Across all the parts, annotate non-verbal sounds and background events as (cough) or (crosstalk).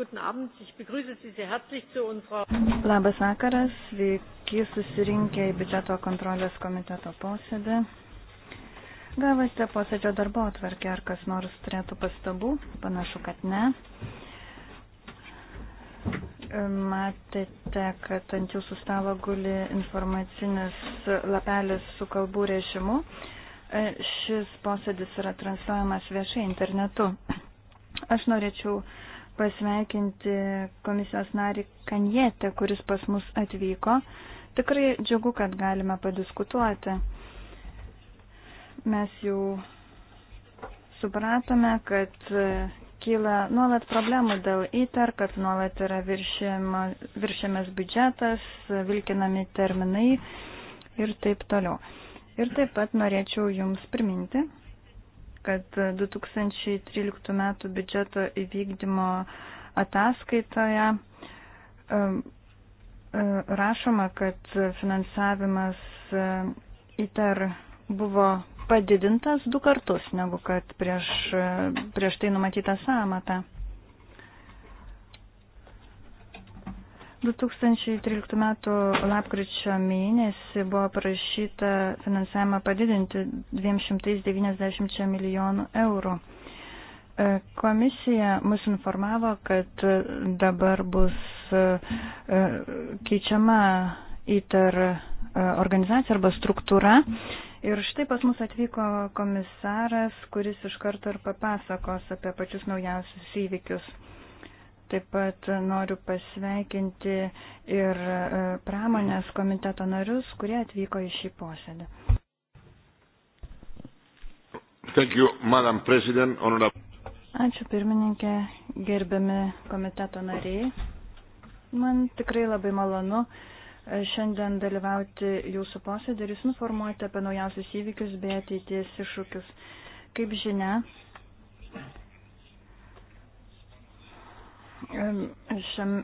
guten Abend. Ich begrüße Sie sehr herzlich zu unserer. Labas vakaras, sveiki susirinkę į biudžeto kontrolės komiteto posėdį. Gavote posėdžio darbo atvarkę, ar kas nors turėtų pastabų? Panašu, kad ne. Matėte, kad ant jūsų stalo guli informacinis lapelis su kalbų režimu. Šis posėdis yra transliuojamas viešai internetu. Aš norėčiau pasveikinti komisijos narį Kanjetę, kuris pas mus atvyko. Tikrai džiugu, kad galime padiskutuoti. Mes jau supratome, kad kyla nuolat problemų dėl įtar, kad nuolat yra viršiamas biudžetas, vilkinami terminai ir taip toliau. Ir taip pat norėčiau Jums priminti, kad 2013 metų biudžeto įvykdymo ataskaitoje e, rašoma, kad finansavimas e, ITER buvo padidintas du kartus, negu kad prieš, e, prieš tai numatytą sąmatą. 2013 m. lapkričio mėnesį buvo parašyta finansavimą padidinti 290 milijonų eurų. E, komisija mus informavo, kad dabar bus e, keičiama įtar e, organizacija arba struktūra. Ir štai pas mus atvyko komisaras, kuris iš karto ir papasakos apie pačius naujausius įvykius. Taip pat noriu pasveikinti ir e, pramonės komiteto narius, kurie atvyko į šį posėdį. Thank you, Madam President, honorable. Ačiū pirmininkė, gerbiami komiteto nariai. Man tikrai labai malonu e, šiandien dalyvauti jūsų posėdį ir jūs informuoti apie naujausius įvykius bei ateities iššūkius. Kaip žinia, šiam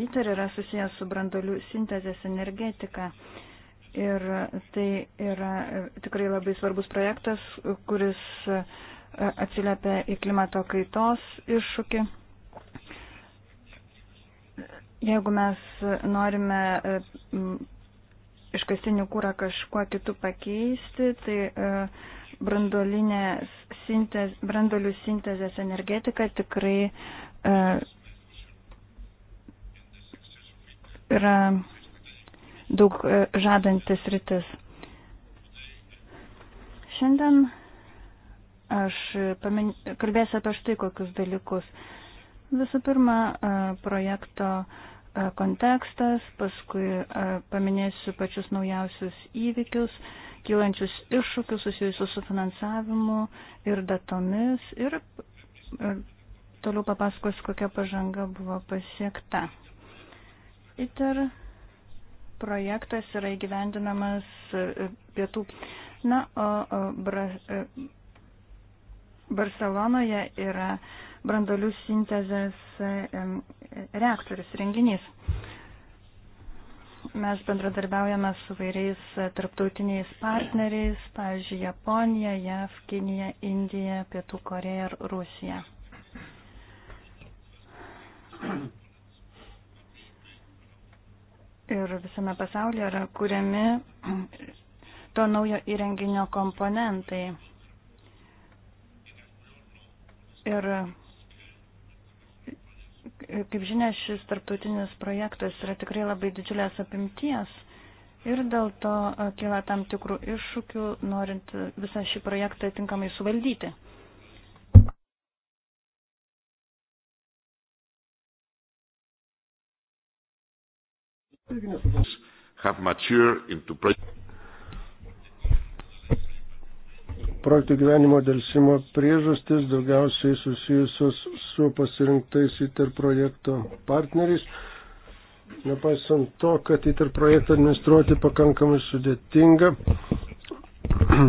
įtar yra susijęs su brandolių sintezės energetika. Ir tai yra e, tikrai labai svarbus projektas, kuris e, atsiliepia į klimato kaitos iššūkį. Jeigu mes norime e, iškastinių kūrą kažkuo kitų pakeisti, tai branduolinės sintez, branduolių sintezės energetika tikrai E, yra daug e, žadantis rytis. Šiandien aš pamin... kalbėsiu apie štai kokius dalykus. Visų pirma, e, projekto kontekstas, paskui paminėsiu pačius naujausius įvykius, kylančius iššūkius susijusius su finansavimu ir datomis ir toliau papasakos, kokia pažanga buvo pasiekta. ITER projektas yra įgyvendinamas e, pietų. Na, o Bra e, Barcelonoje yra brandolių sintezės e, reaktorius renginys. Mes bendradarbiaujame su vairiais tarptautiniais partneriais, pavyzdžiui, Japonija, JAV, Kinija, Indija, Pietų Koreja ir Rusija. (clears throat) Ir visame pasaulyje yra kuriami (clears throat) to naujo įrenginio komponentai. Ir kaip žinia, šis tarptautinis projektas yra tikrai labai didžiulės apimties ir dėl to kyla tam tikrų iššūkių, norint visą šį projektą tinkamai suvaldyti. Projektų gyvenimo dėlsimo priežastis daugiausiai susijusios su pasirinktais interprojekto partneriais. Nepaisant to, kad interprojektą administruoti pakankamai sudėtinga, (clears throat)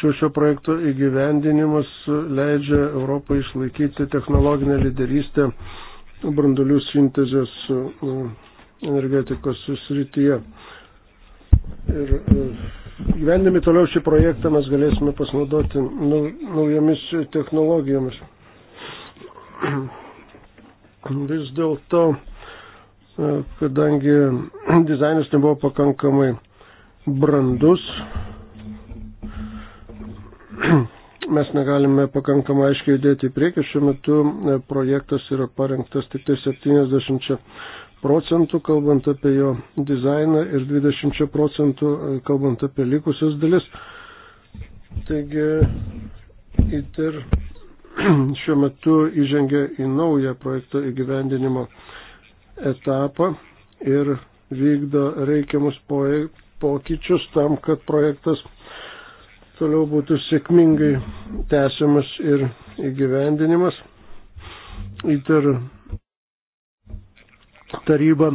Šiuo šio projekto įgyvendinimas leidžia Europai išlaikyti technologinę lyderystę brandulių sintezės energetikos srityje. Ir e, gyvendami toliau šį projektą mes galėsime pasinaudoti naujomis technologijomis. (clears throat) Vis dėlto, e, kadangi (clears throat) dizainas nebuvo pakankamai brandus, (clears throat) mes negalime pakankamai aiškiai judėti į priekį. Šiuo metu e, projektas yra parengtas tik tai 70 procentų, kalbant apie jo dizainą, ir 20 procentų, kalbant apie likusius dalis. Taigi, ITER (clears throat) šiuo metu įžengia į naują projekto įgyvendinimo etapą ir vykdo reikiamus pokyčius tam, kad projektas toliau būtų sėkmingai tęsiamas ir įgyvendinimas. ITER taryba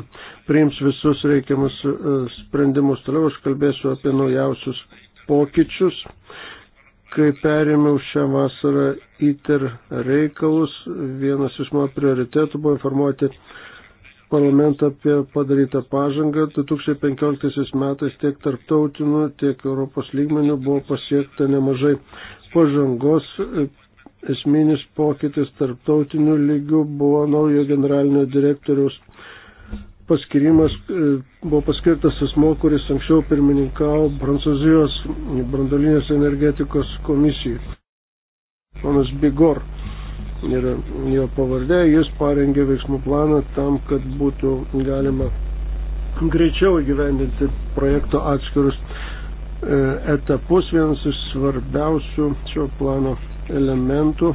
priims visus reikiamus e, sprendimus. Toliau aš kalbėsiu apie naujausius pokyčius. Kai perėmiau šią vasarą ITER reikalus, vienas iš mano prioritėtų buvo informuoti parlamentą apie padarytą pažangą. 2015 metais tiek tarptautiniu, tiek Europos lygmeniu buvo pasiekta nemažai pažangos esminis pokytis tarptautiniu lygiu buvo naujo generalinio direktoriaus paskirimas, e, buvo paskirtas asmo, kuris anksčiau pirmininkavo Prancūzijos brandolinės energetikos komisijai. Ponas Bigor yra jo pavardė, jis parengė veiksmų planą tam, kad būtų galima greičiau įgyvendinti projekto atskirus E, etapus, vienas iš svarbiausių šio plano elementų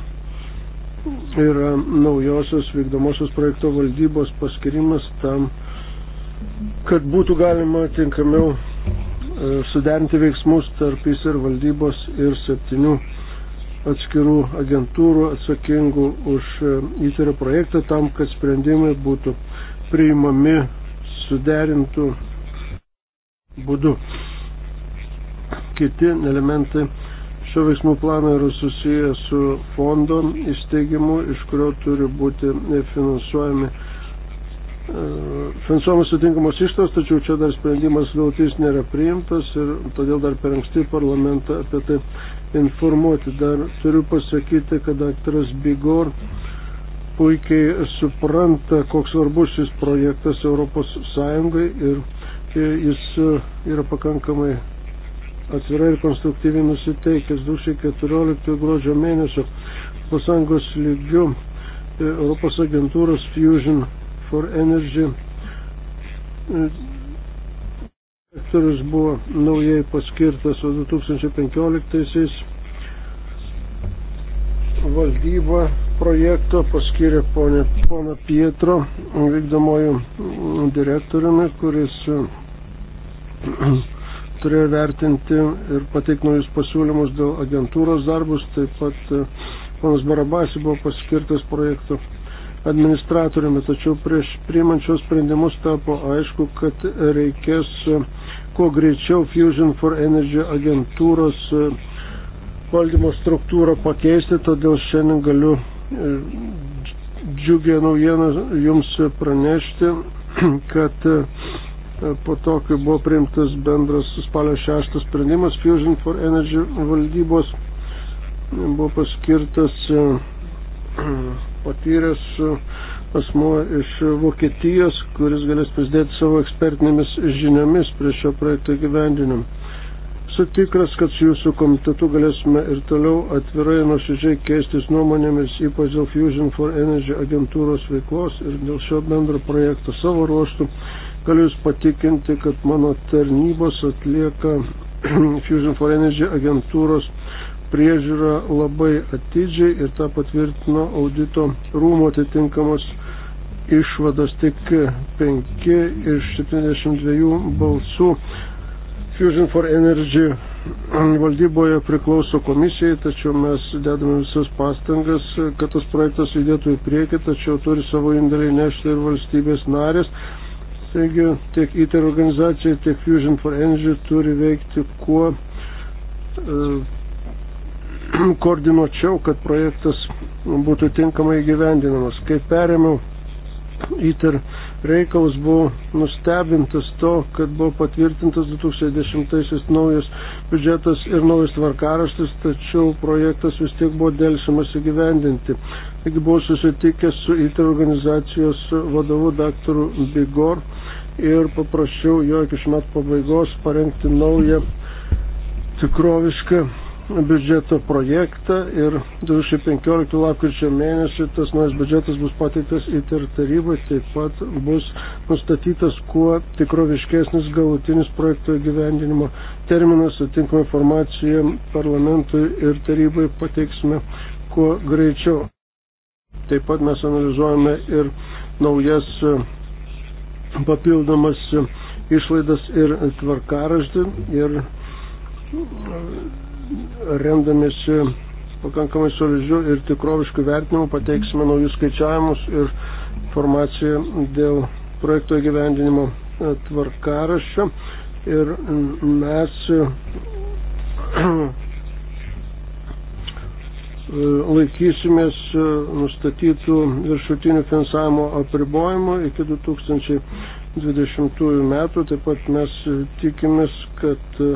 yra naujosios vykdomosios projekto valdybos paskirimas tam, kad būtų galima tinkamiau e, suderinti veiksmus tarp jis ir valdybos ir septynių atskirų agentūrų atsakingų už e, įtėrio projektą tam, kad sprendimai būtų priimami suderintų būdu kiti elementai šio veiksmų plano yra susiję su fondo įsteigimu, iš kurio turi būti finansuojami e, finansuojamos sutinkamos ištos, tačiau čia dar sprendimas galutinis nėra priimtas ir todėl dar per anksti parlamentą apie tai informuoti. Dar turiu pasakyti, kad daktaras Bigor puikiai supranta, koks svarbus šis projektas Europos Sąjungai ir e, jis e, yra pakankamai atvirai ir konstruktyviai nusiteikęs 2014 gruodžio mėnesio pasangos lygių e, Europos agentūros Fusion for Energy direktorius e, buvo naujai paskirtas 2015-aisiais valdyba projekto paskyrė ponę, poną Pietro vykdomojų direktoriumi, kuris turėjo vertinti ir pateikti naujus pasiūlymus dėl agentūros darbus. Taip pat e, ponas Barabasi buvo paskirtas projektų administratoriumi, tačiau prieš priimančios sprendimus tapo aišku, kad reikės e, kuo greičiau Fusion for Energy agentūros e, valdymo struktūrą pakeisti, todėl šiandien galiu džiugę naujieną jums pranešti, (clears throat) kad po to, kai buvo priimtas bendras spalio 6 sprendimas, Fusion for Energy valdybos e, buvo paskirtas e, (clears throat) patyręs e, asmuo iš Vokietijos, kuris galės prisidėti savo ekspertinėmis žiniomis prie šio projekto gyvendinim. Sutikras, kad su jūsų komitetu galėsime ir toliau atvirai nuoširdžiai keistis nuomonėmis, ypač dėl Fusion for Energy agentūros veiklos ir dėl šio bendro projekto savo ruoštų Galiu Jūs patikinti, kad mano tarnybos atlieka (clears throat) Fusion for Energy agentūros priežiūrą labai atidžiai ir tą patvirtino audito rūmo atitinkamos išvados tik 5 iš 72 balsų. Fusion for Energy (clears throat) valdyboje priklauso komisijai, tačiau mes dedame visas pastangas, kad tas projektas judėtų į priekį, tačiau turi savo indėlį nešti ir valstybės narės. Taigi tiek ITER organizacija, tiek Fusion for Energy turi veikti kuo e, (clears throat) koordinuočiau, kad projektas būtų tinkamai gyvendinamas. Kai perėmiau ITER reikalus, buvau nustebintas to, kad buvo patvirtintas 2010 naujas biudžetas ir naujas tvarkaraštis, tačiau projektas vis tiek buvo dėlsiamas įgyvendinti. Taigi buvau susitikęs su ITER organizacijos vadovu daktaru Bigor ir paprašiau jo iki šių metų pabaigos parengti naują tikrovišką biudžeto projektą ir 2015 lapkričio mėnesį tas naujas biudžetas bus pateiktas į tarybai, taip pat bus nustatytas kuo tikroviškesnis galutinis projekto gyvendinimo terminas, atitinkamą informaciją parlamentui ir tarybai pateiksime kuo greičiau. Taip pat mes analizuojame ir naujas papildomas išlaidas ir tvarkaraštį ir e, remdamėsi pakankamai solidžių ir tikroviškų vertinimų pateiksime naujus skaičiavimus ir informaciją dėl projekto įgyvendinimo e, tvarkaraščio ir mes E, laikysimės e, nustatytų viršutinių finansavimo apribojimų iki 2020 metų. Taip pat mes tikimės, kad e,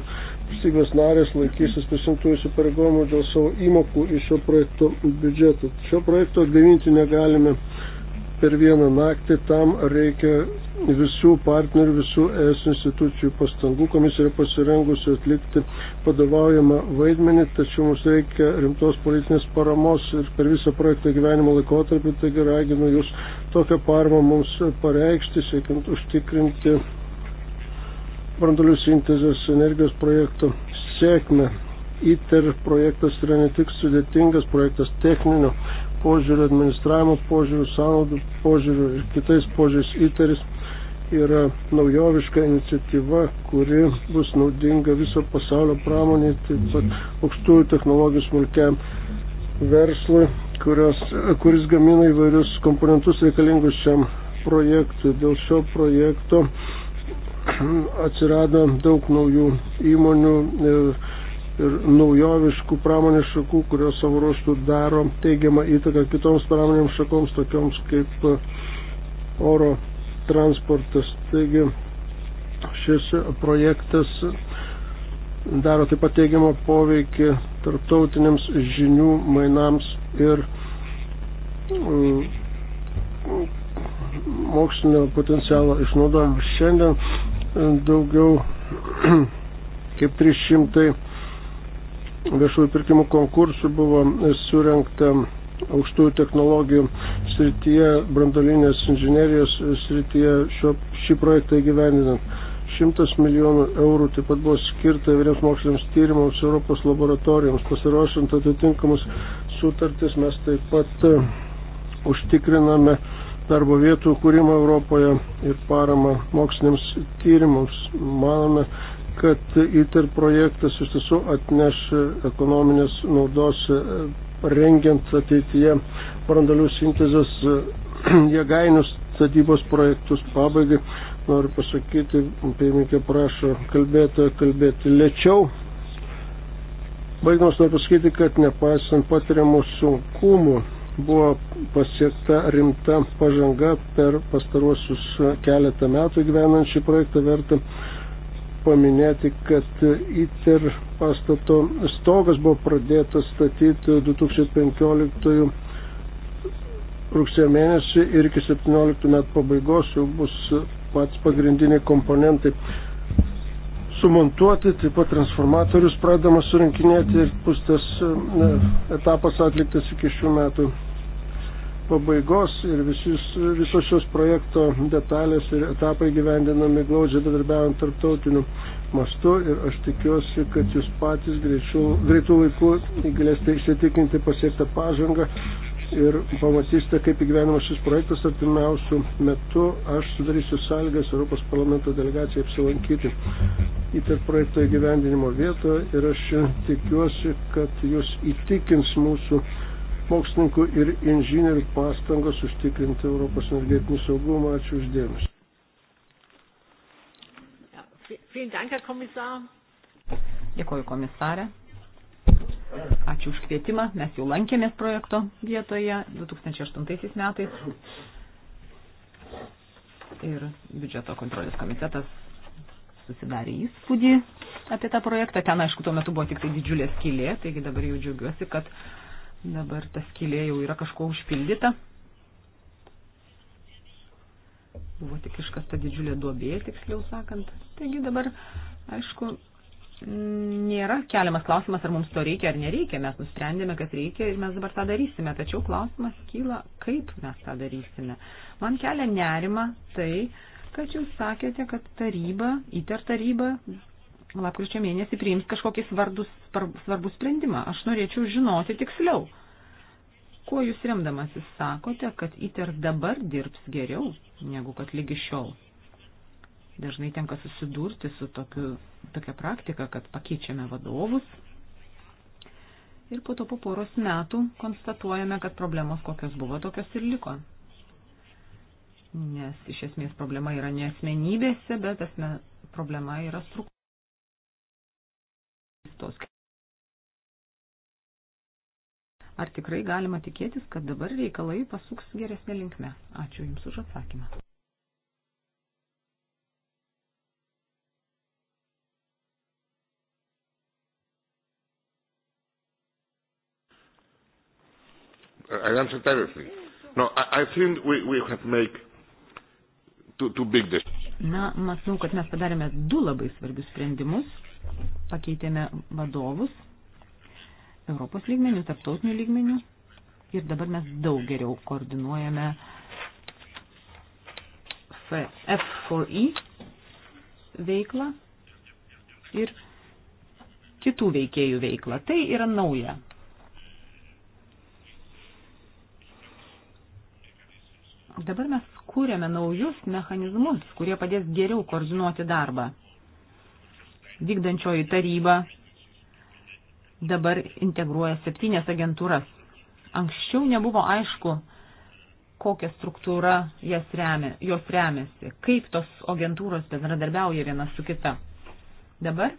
valstybės narės laikysis prisimtų įsipareigojimų dėl savo įmokų iš šio projekto biudžeto. Šio projekto atgaivinti negalime per vieną naktį, tam reikia visų partnerių, visų ES institucijų pastangų. Komisija yra pasirengusi atlikti padovaujamą vaidmenį, tačiau mums reikia rimtos politinės paramos ir per visą projektą gyvenimo laikotarpį, taigi raginu Jūs tokią paramą mums pareikšti, siekiant užtikrinti brandolių sintezės energijos projekto sėkmę. ITER projektas yra ne tik sudėtingas projektas techninio požiūriu, administravimo požiūriu, sąnaudų požiūriu ir kitais požiūriais įtaris yra naujoviška iniciatyva, kuri bus naudinga viso pasaulio pramoniai, taip pat aukštųjų technologijų smulkiam verslui, kurios, kuris gamina įvairius komponentus reikalingus šiam projektui. Dėl šio projekto (clears throat) atsirado daug naujų įmonių. E, ir naujoviškų pramonės šakų, kurios savo ruoštų daro teigiamą įtaką kitoms pramonėms šakoms, tokioms kaip e, oro transportas. Taigi šis projektas daro taip pat teigiamą poveikį tarptautiniams žinių mainams ir mm, mokslinio potencialo išnaudojimą. Šiandien e, daugiau (clears throat) kaip 300 viešųjų pirkimų konkursų buvo surinkta aukštųjų technologijų srityje, brandolinės inžinerijos srityje šio, šį projektą įgyvendinant. 100 milijonų eurų taip pat buvo skirta įvairiems moksliniams tyrimams Europos laboratorijoms. Pasiruošant atitinkamus sutartis mes taip pat e, užtikriname darbo vietų kūrimą Europoje ir paramą moksliniams tyrimams. Manome, kad ITER projektas iš tiesų atneš ekonominės naudos e, rengiant ateityje brandalių sintezės e, (clears throat) jėgainius statybos projektus pabaigai. Noriu pasakyti, pirmininkė prašo kalbėtojo kalbėti lėčiau. Baigdamas noriu pasakyti, kad nepaisant patiriamų sunkumų buvo pasiekta rimta pažanga per pastaruosius keletą metų gyvenant šį projektą vertą paminėti, kad ITER pastato stogas buvo pradėtas statyti 2015 rugsėjo mėnesį ir iki 17 metų pabaigos jau bus pats pagrindiniai komponentai sumontuoti, taip pat transformatorius pradama surinkinėti ir bus tas etapas atliktas iki šių metų pabaigos ir visus, visos šios projekto detalės ir etapai gyvendinami glaudžiai bedarbiaujant tarptautiniu mastu ir aš tikiuosi, kad jūs patys greičių, greitų laikų galėsite įsitikinti pasiektą pažangą ir pamatysite, kaip įgyvenimas šis projektas artimiausių metų. Aš sudarysiu sąlygas Europos parlamento delegacijai apsilankyti į tarp projekto įgyvendinimo vietą ir aš tikiuosi, kad jūs įtikins mūsų mokslininkų ir inžinierių pastangos užtikrinti Europos energetinį saugumą. Ačiū uždėmesi. Dėkoju komisarė. Ačiū už kvietimą. Mes jau lankėmės projekto vietoje 2008 metais. Ir biudžeto kontrolės komitetas susidarė įspūdį apie tą projektą. Ten, aišku, tuo metu buvo tik tai didžiulė skylė, taigi dabar jau džiaugiuosi, kad uh, Dabar ta skylė jau yra kažko užpildyta. Buvo tik iškasta didžiulė duobė, tiksliau sakant. Taigi dabar, aišku, nėra keliamas klausimas, ar mums to reikia ar nereikia. Mes nusprendėme, kad reikia ir mes dabar tą darysime. Tačiau klausimas kyla, kaip mes tą darysime. Man kelia nerima tai, kad jūs sakėte, kad taryba, įter taryba lapkričio mėnesį priims kažkokį svarbus, svarbų sprendimą. Aš norėčiau žinoti tiksliau. Kuo jūs remdamasis sakote, kad ITER dabar dirbs geriau negu kad lygi šiol? Dažnai tenka susidurti su tokiu, tokia praktika, kad pakeičiame vadovus ir po to po poros metų konstatuojame, kad problemos kokios buvo, tokios ir liko nes iš esmės problema yra ne asmenybėse, bet asme, problema yra struktūra nuostatos. Ar tikrai galima tikėtis, kad dabar reikalai pasuks geresnė linkme? Ačiū Jums už atsakymą. I answer directly. No, I, I think we, we have make two, two big decisions. Na, matau, kad mes padarėme du labai svarbius sprendimus pakeitėme vadovus Europos lygmenių, tarptautinių lygmenių ir dabar mes daug geriau koordinuojame F4E veiklą ir kitų veikėjų veiklą. Tai yra nauja. Dabar mes kūrėme naujus mechanizmus, kurie padės geriau koordinuoti darbą vykdančioji taryba dabar integruoja septynės agentūras. Anksčiau nebuvo aišku, kokią struktūrą jas remia, jos remiasi, kaip tos agentūros bendradarbiauja viena su kita. Dabar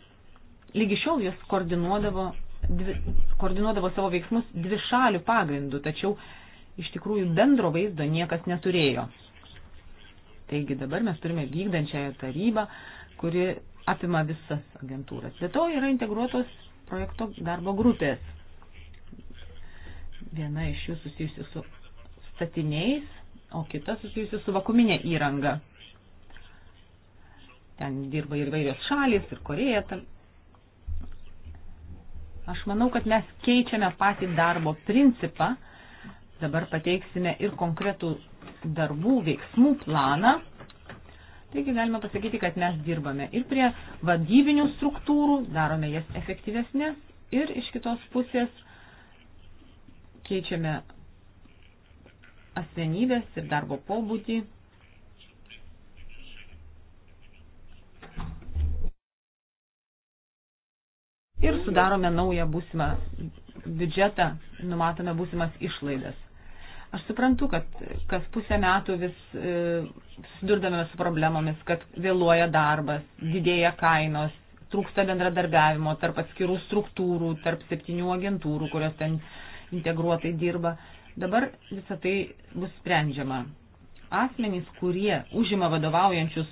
lygi šiol jos koordinuodavo, dvi, koordinuodavo savo veiksmus dvi šalių pagrindų, tačiau iš tikrųjų bendro vaizdo niekas neturėjo. Taigi dabar mes turime vykdančiąją tarybą, kuri apima visas agentūras. Be to yra integruotos projekto darbo grupės. Viena iš jų susijusi su statiniais, o kita susijusi su vakuminė įranga. Ten dirba ir vairios šalis, ir Koreja. Aš manau, kad mes keičiame patį darbo principą. Dabar pateiksime ir konkretų darbų veiksmų planą Taigi galima pasakyti, kad mes dirbame ir prie vadybinių struktūrų, darome jas efektyvesnės ir iš kitos pusės keičiame asmenybės ir darbo pobūdį. Ir sudarome naują būsimą biudžetą, numatome būsimas išlaidas. Aš suprantu, kad kas pusę metų vis e, susidurdame su problemomis, kad vėluoja darbas, didėja kainos, trūksta bendradarbiavimo tarp atskirų struktūrų, tarp septynių agentūrų, kurios ten integruotai dirba. Dabar visą tai bus sprendžiama. Asmenys, kurie užima vadovaujančius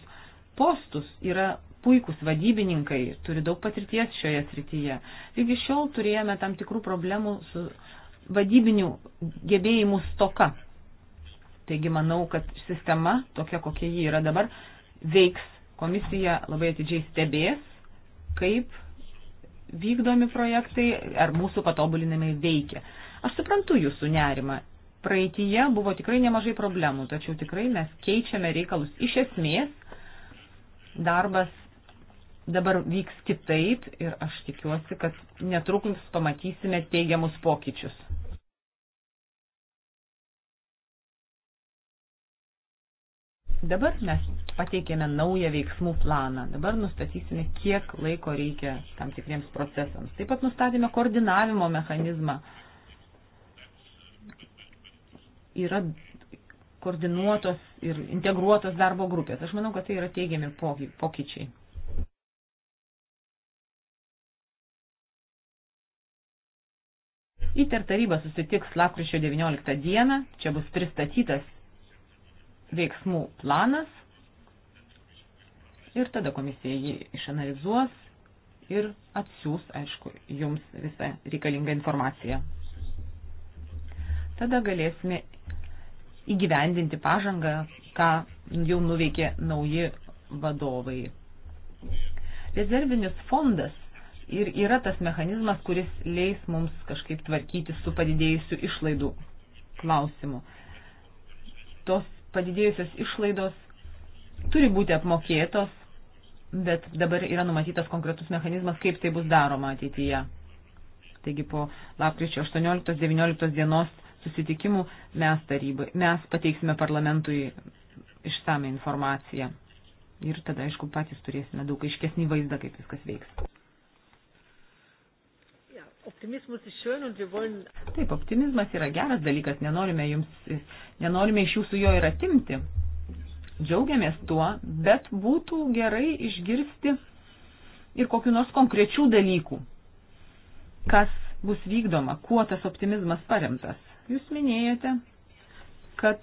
postus, yra puikūs vadybininkai, turi daug patirties šioje srityje. Lygi šiol turėjome tam tikrų problemų su vadybinių gebėjimų stoka. Taigi manau, kad sistema, tokia kokia ji yra dabar, veiks. Komisija labai atidžiai stebės, kaip vykdomi projektai ar mūsų patobulinimai veikia. Aš suprantu jūsų nerimą. Praeityje buvo tikrai nemažai problemų, tačiau tikrai mes keičiame reikalus iš esmės. Darbas dabar vyks kitaip ir aš tikiuosi, kad netrukus pamatysime teigiamus pokyčius. Dabar mes pateikėme naują veiksmų planą. Dabar nustatysime, kiek laiko reikia tam tikriems procesams. Taip pat nustatėme koordinavimo mechanizmą. Yra koordinuotos ir integruotos darbo grupės. Aš manau, kad tai yra teigiami pokyčiai. ITER taryba susitiks lakryčio 19 dieną, čia bus pristatytas veiksmų planas ir tada komisija jį išanalizuos ir atsiūs, aišku, jums visą reikalingą informaciją. Tada galėsime įgyvendinti pažangą, ką jau nuveikė nauji vadovai. Rezervinis fondas ir yra tas mechanizmas, kuris leis mums kažkaip tvarkyti su padidėjusiu išlaidų klausimu. Tos padidėjusios išlaidos turi būti apmokėtos, bet dabar yra numatytas konkretus mechanizmas, kaip tai bus daroma ateityje. Taigi po lapkričio 18-19 dienos susitikimų mes, tarybai, mes pateiksime parlamentui išsame informaciją. Ir tada, aišku, patys turėsime daug aiškesnį vaizdą, kaip viskas veiks. Taip, optimizmas yra geras dalykas, nenorime, jums, nenorime iš jūsų jo ir atimti. Džiaugiamės tuo, bet būtų gerai išgirsti ir kokiu nors konkrečių dalykų, kas bus vykdoma, kuo tas optimizmas paremtas. Jūs minėjote, kad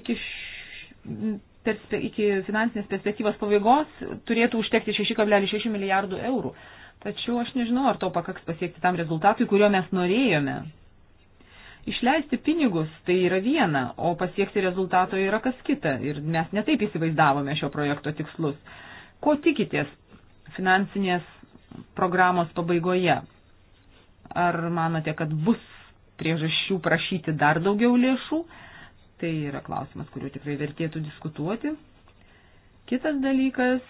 iki, š... perspe, iki finansinės perspektyvos pabaigos turėtų užtekti 6,6 milijardų eurų. Tačiau aš nežinau, ar to pakaks pasiekti tam rezultatui, kurio mes norėjome. Išleisti pinigus tai yra viena, o pasiekti rezultato yra kas kita ir mes netaip įsivaizdavome šio projekto tikslus. Ko tikitės finansinės programos pabaigoje? Ar manote, kad bus priežasčių prašyti dar daugiau lėšų? Tai yra klausimas, kuriuo tikrai vertėtų diskutuoti. Kitas dalykas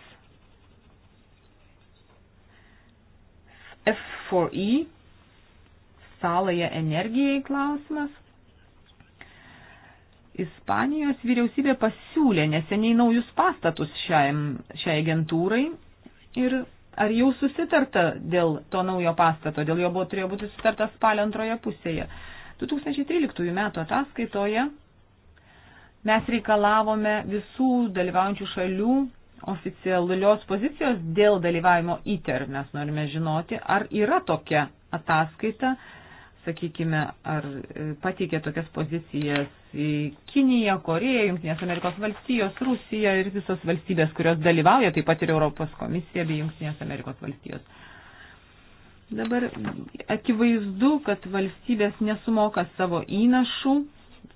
F4E, saląją energijai klausimas. Ispanijos vyriausybė pasiūlė neseniai naujus pastatus šiam, šiai agentūrai ir ar jau susitarta dėl to naujo pastato, dėl jo buvo, turėjo būti susitarta spalio antroje pusėje. 2013 m. ataskaitoje mes reikalavome visų dalyvaujančių šalių oficialios pozicijos dėl dalyvavimo ITER. Mes norime žinoti, ar yra tokia ataskaita, sakykime, ar e, pateikė tokias pozicijas Kinija, Koreja, Junktinės Amerikos valstijos, Rusija ir visos valstybės, kurios dalyvauja, taip pat ir Europos komisija bei Junktinės Amerikos valstijos. Dabar akivaizdu, kad valstybės nesumoka savo įnašų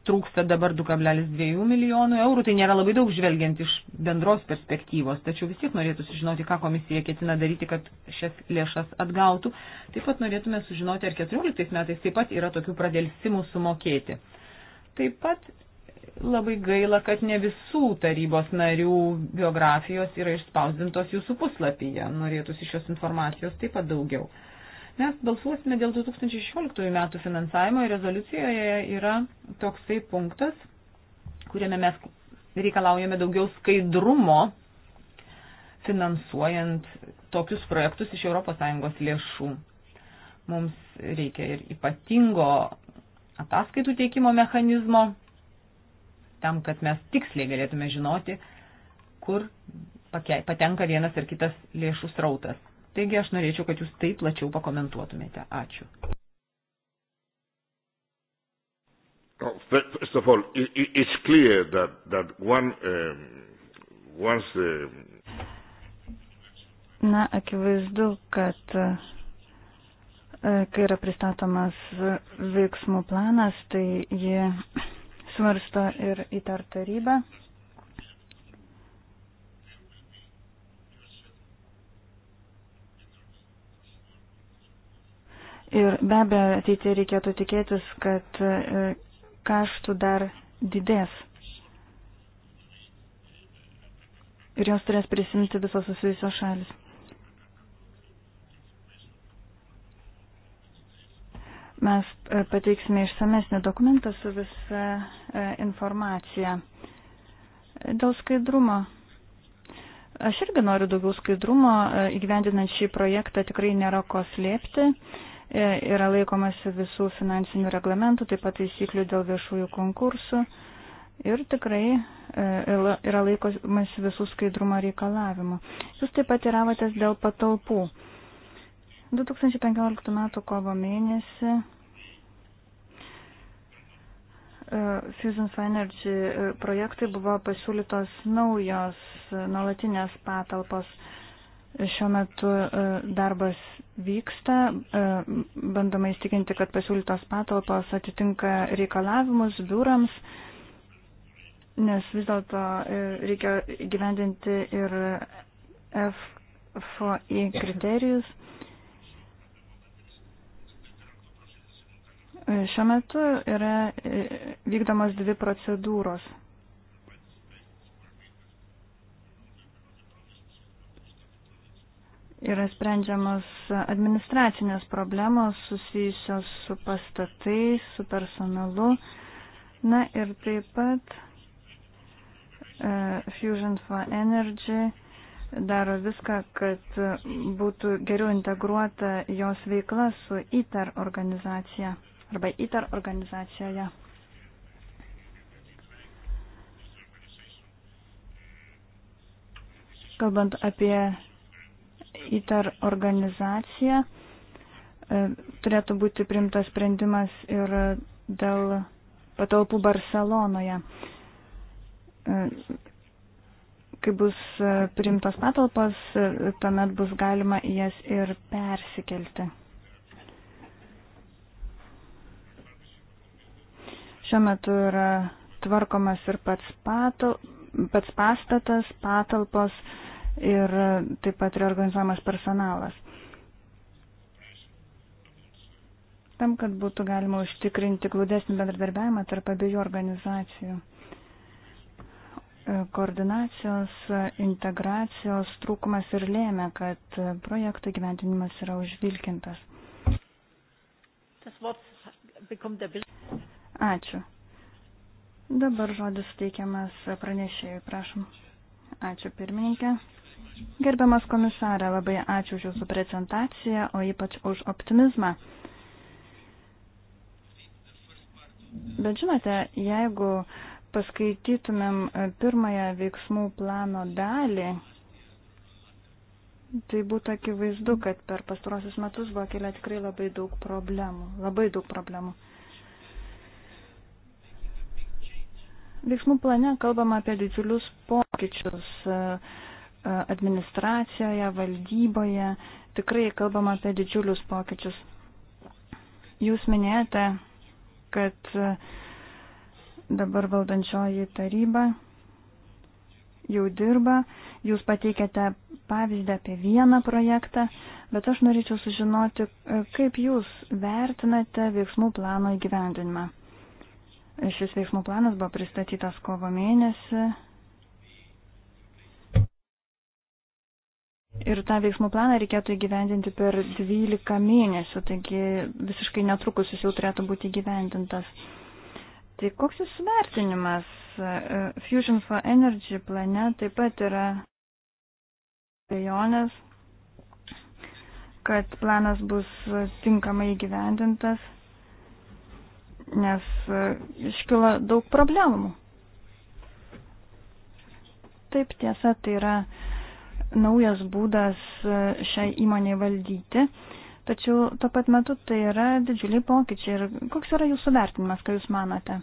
trūksta dabar 2,2 milijonų eurų, tai nėra labai daug žvelgiant iš bendros perspektyvos, tačiau vis tiek norėtų sužinoti, ką komisija ketina daryti, kad šias lėšas atgautų. Taip pat norėtume sužinoti, ar 14 metais taip pat yra tokių pradėlsimų sumokėti. Taip pat labai gaila, kad ne visų tarybos narių biografijos yra išspausdintos jūsų puslapyje. Norėtųsi šios informacijos taip pat daugiau. Mes balsuosime dėl 2016 metų finansavimo ir rezoliucijoje yra toksai punktas, kuriame mes reikalaujame daugiau skaidrumo finansuojant tokius projektus iš ES lėšų. Mums reikia ir ypatingo ataskaitų teikimo mechanizmo, tam, kad mes tiksliai galėtume žinoti, kur patenka vienas ar kitas lėšų srautas. Taigi aš norėčiau, kad jūs tai plačiau pakomentuotumėte. Ačiū. First of all, it's clear that, that one, um, once, um, Na, akivaizdu, kad e, kai yra pristatomas veiksmų planas, tai jie svarsto ir į tartarybą. tarybą. Ir be abejo, ateitie reikėtų tikėtis, kad e, kaštų dar didės. Ir jos turės prisimti visos susijusios šalis. Mes e, pateiksime išsamesnį dokumentą su visa e, informacija. Dėl skaidrumo. Aš irgi noriu daugiau skaidrumo, įgyvendinant šį projektą tikrai nėra ko slėpti. E, yra laikomasi visų finansinių reglamentų, taip pat taisyklių dėl viešųjų konkursų ir tikrai e, yra laikomasi visų skaidrumo reikalavimų. Jūs taip pat įravotės dėl patalpų. 2015 m. kovo mėnesį e, Fusion for Energy projektai buvo pasiūlytos naujos nuolatinės patalpos Šiuo metu e, darbas vyksta, e, bandoma įstikinti, kad pasiūlytos patalpos atitinka reikalavimus biurams, nes vis dėlto e, reikia gyvendinti ir FFI kriterijus. Šiuo metu yra vykdomos dvi procedūros yra sprendžiamos administracinės problemos susijusios su pastatais, su personalu. Na ir taip pat uh, Fusion for Energy daro viską, kad būtų geriau integruota jos veikla su ITER organizacija arba ITER organizacijoje. Kalbant apie ITER organizacija. E, turėtų būti primtas sprendimas ir dėl patalpų Barcelonoje. E, kai bus e, primtos patalpos, tuomet bus galima jas ir persikelti. Šiuo metu yra tvarkomas ir pats, patal, pats pastatas, patalpos, uh, ir e, taip pat reorganizuojamas personalas. Tam, kad būtų galima užtikrinti glaudesnį bendradarbiavimą tarp abiejų organizacijų, e, koordinacijos, integracijos trūkumas ir lėmė, kad e, projektų gyventinimas yra užvilkintas. Ačiū. Dabar žodis teikiamas pranešėjui, prašom. Ačiū pirmininkė. Gerbiamas komisarė, labai ačiū už Jūsų prezentaciją, o ypač už optimizmą. Bet žinote, jeigu paskaitytumėm pirmąją veiksmų plano dalį, tai būtų akivaizdu, kad per pastarosius metus buvo kelia tikrai labai daug problemų. Labai daug problemų. Veiksmų plane kalbama apie didžiulius pokyčius. Uh, administracijoje, valdyboje. Tikrai kalbama apie didžiulius pokyčius. Jūs minėjote, kad dabar valdančioji taryba jau dirba. Jūs pateikėte pavyzdį apie vieną projektą, bet aš norėčiau sužinoti, kaip jūs vertinate veiksmų plano įgyvendinimą. Šis veiksmų planas buvo pristatytas kovo mėnesį Ir tą veiksmų planą reikėtų įgyvendinti per 12 mėnesių, taigi visiškai netrukus jis jau turėtų būti įgyvendintas. Tai koks jūsų vertinimas? Fusion for Energy plane taip pat yra abejonės, kad planas bus tinkamai įgyvendintas, nes iškilo daug problemų. Taip tiesa, tai yra uh, naujas būdas e, šiai įmoniai valdyti, tačiau tuo pat metu tai yra didžiuliai pokyčiai. Ir koks yra jūsų vertinimas, ką jūs manote?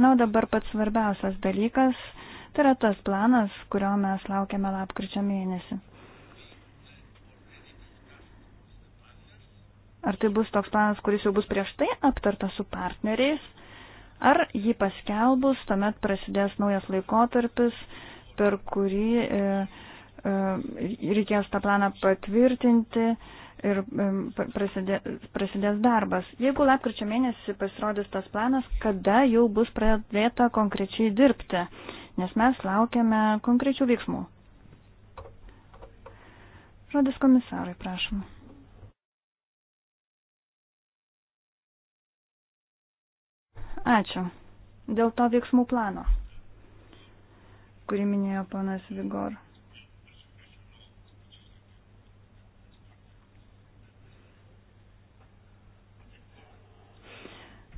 Na, o dabar pats svarbiausias dalykas - tai yra tas planas, kurio mes laukiame lapkričio mėnesį. Ar tai bus toks planas, kuris jau bus prieš tai aptartas su partneriais, ar jį paskelbus, tuomet prasidės naujas laikotarpis, per kurį e, E, reikės tą planą patvirtinti ir e, prasidė, prasidės darbas. Jeigu lapkričio mėnesį pasirodys tas planas, kada jau bus pradėta konkrečiai dirbti, nes mes laukiame konkrečių veiksmų. Žodis komisarai, prašom. Ačiū. Dėl to veiksmų plano, kurį minėjo ponas Vigor.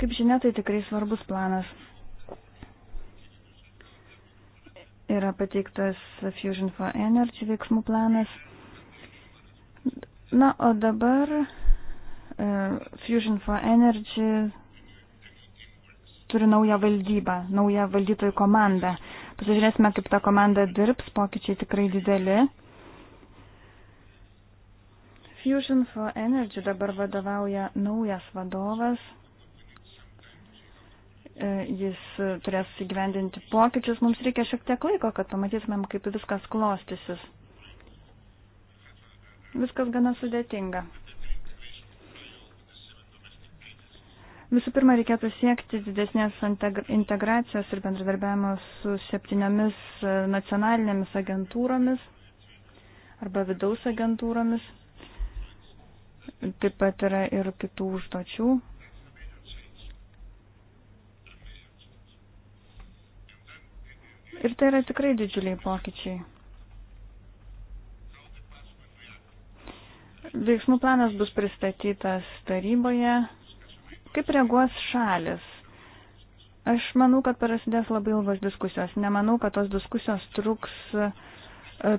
Kaip žinia, tai tikrai svarbus planas. Yra pateiktas Fusion for Energy veiksmų planas. Na, o dabar e, Fusion for Energy turi naują valdybą, naują valdytojų komandą. Pasižiūrėsime, kaip ta komanda dirbs, pokyčiai tikrai dideli. Fusion for Energy dabar vadovauja naujas vadovas, E, jis turės įgyvendinti pokyčius, mums reikia šiek tiek laiko, kad pamatytumėm, kaip viskas klostysis. Viskas gana sudėtinga. Visų pirma, reikėtų siekti didesnės integracijos ir bendradarbiavimo su septyniomis e, nacionalinėmis agentūromis arba vidaus agentūromis. Taip pat yra ir kitų užduočių, Ir tai yra tikrai didžiuliai pokyčiai. Veiksmų planas bus pristatytas taryboje. Kaip reaguos šalis? Aš manau, kad prasidės labai ilgos diskusijos. Nemanau, kad tos diskusijos truks e,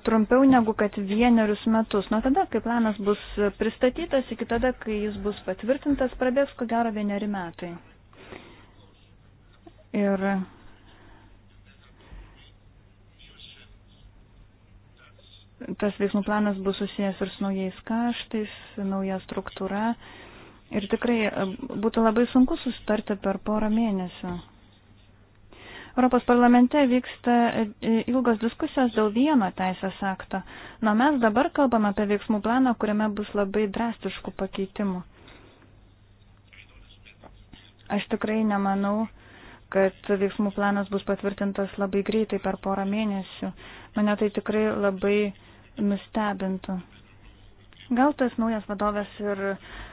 trumpiau negu kad vienerius metus. Nuo tada, kai planas bus pristatytas, iki tada, kai jis bus patvirtintas, prabėgs ko gero vieneri metai. Ir tas veiksmų planas bus susijęs ir su naujais kaštais, nauja struktūra. Ir tikrai e, būtų labai sunku sustarti per porą mėnesių. Europos parlamente vyksta e, e, ilgos diskusijos dėl vieno teisės akto. Na, mes dabar kalbame apie veiksmų planą, kuriame bus labai drastiškų pakeitimų. Aš tikrai nemanau, kad veiksmų planas bus patvirtintas labai greitai per porą mėnesių. Mane tai tikrai labai nustebintų. Gal tas naujas vadovas ir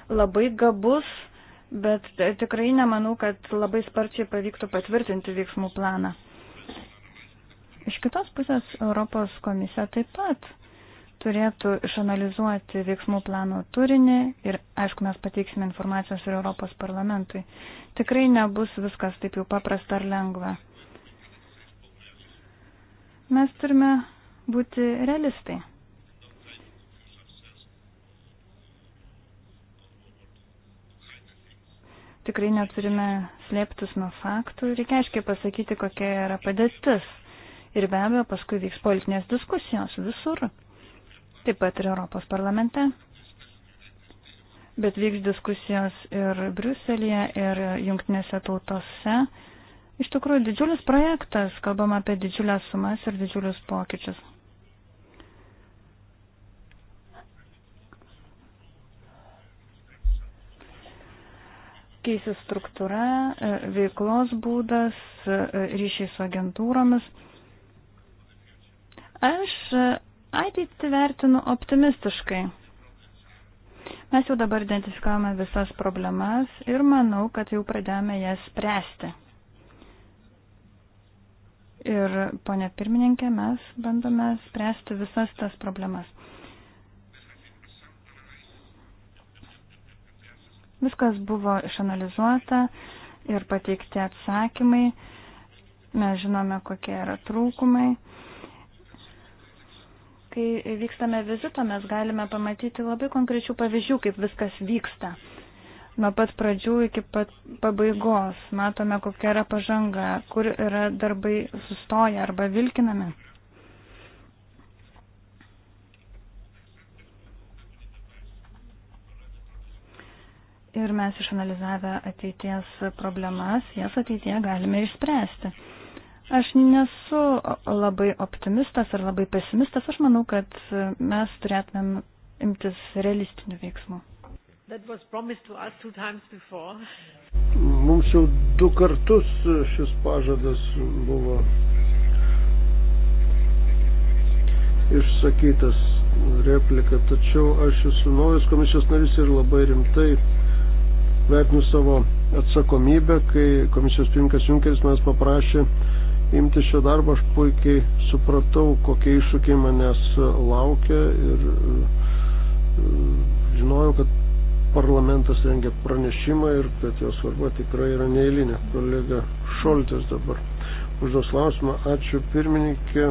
labai gabus, bet tikrai nemanau, kad labai sparčiai pavyktų patvirtinti veiksmų planą. Iš kitos pusės Europos komisija taip pat turėtų išanalizuoti veiksmų plano turinį ir, aišku, mes pateiksime informacijos ir Europos parlamentui. Tikrai nebus viskas taip jau paprasta ar lengva. Mes turime būti realistai. Tikrai neturime slėptis nuo faktų, reikia aiškiai pasakyti, kokia yra padėtis. Ir be abejo, paskui vyks politinės diskusijos visur taip pat ir Europos parlamente. Bet vyks diskusijos ir Briuselėje, ir jungtinėse tautose. Iš tikrųjų, didžiulis projektas, kalbam apie didžiulės sumas ir didžiulius pokyčius. keisis struktūra, e, veiklos būdas, e, ryšiai su agentūromis. Aš e, Ateitį vertinu optimistiškai. Mes jau dabar identifikavome visas problemas ir manau, kad jau pradėjome jas spręsti. Ir, ponė pirmininkė, mes bandome spręsti visas tas problemas. Viskas buvo išanalizuota ir pateikti atsakymai. Mes žinome, kokie yra trūkumai. Kai vykstame vizito, mes galime pamatyti labai konkrečių pavyzdžių, kaip viskas vyksta. Nuo pat pradžių iki pat pabaigos matome, kokia yra pažanga, kur yra darbai sustoję arba vilkinami. ir mes išanalizavę ateities problemas, jas ateitie galime išspręsti. Aš nesu labai optimistas ar labai pesimistas. Aš manau, kad mes turėtumėm imtis realistinių veiksmų. Mums jau du kartus šis pažadas buvo išsakytas replika, tačiau aš esu naujas komisijos narys ir labai rimtai vertinu savo atsakomybę, kai komisijos pirmininkas Junkeris mes paprašė imti šio darbo, aš puikiai supratau, kokie iššūkiai manęs e, laukia ir e, e, žinojau, kad parlamentas rengia pranešimą ir kad jo svarba tikrai yra neįlinė. Kolega Šoltis dabar užduos klausimą. Ačiū pirmininkė.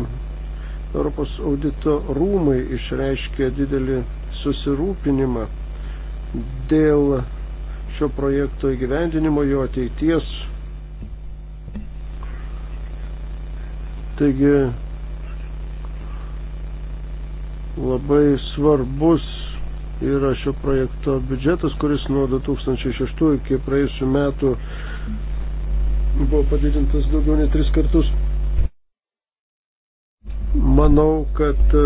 Europos audito rūmai išreiškė didelį susirūpinimą dėl šio projekto įgyvendinimo, jo ateities Taigi labai svarbus yra šio projekto biudžetas, kuris nuo 2006 iki praėjusių metų buvo padidintas daugiau nei tris kartus. Manau, kad e,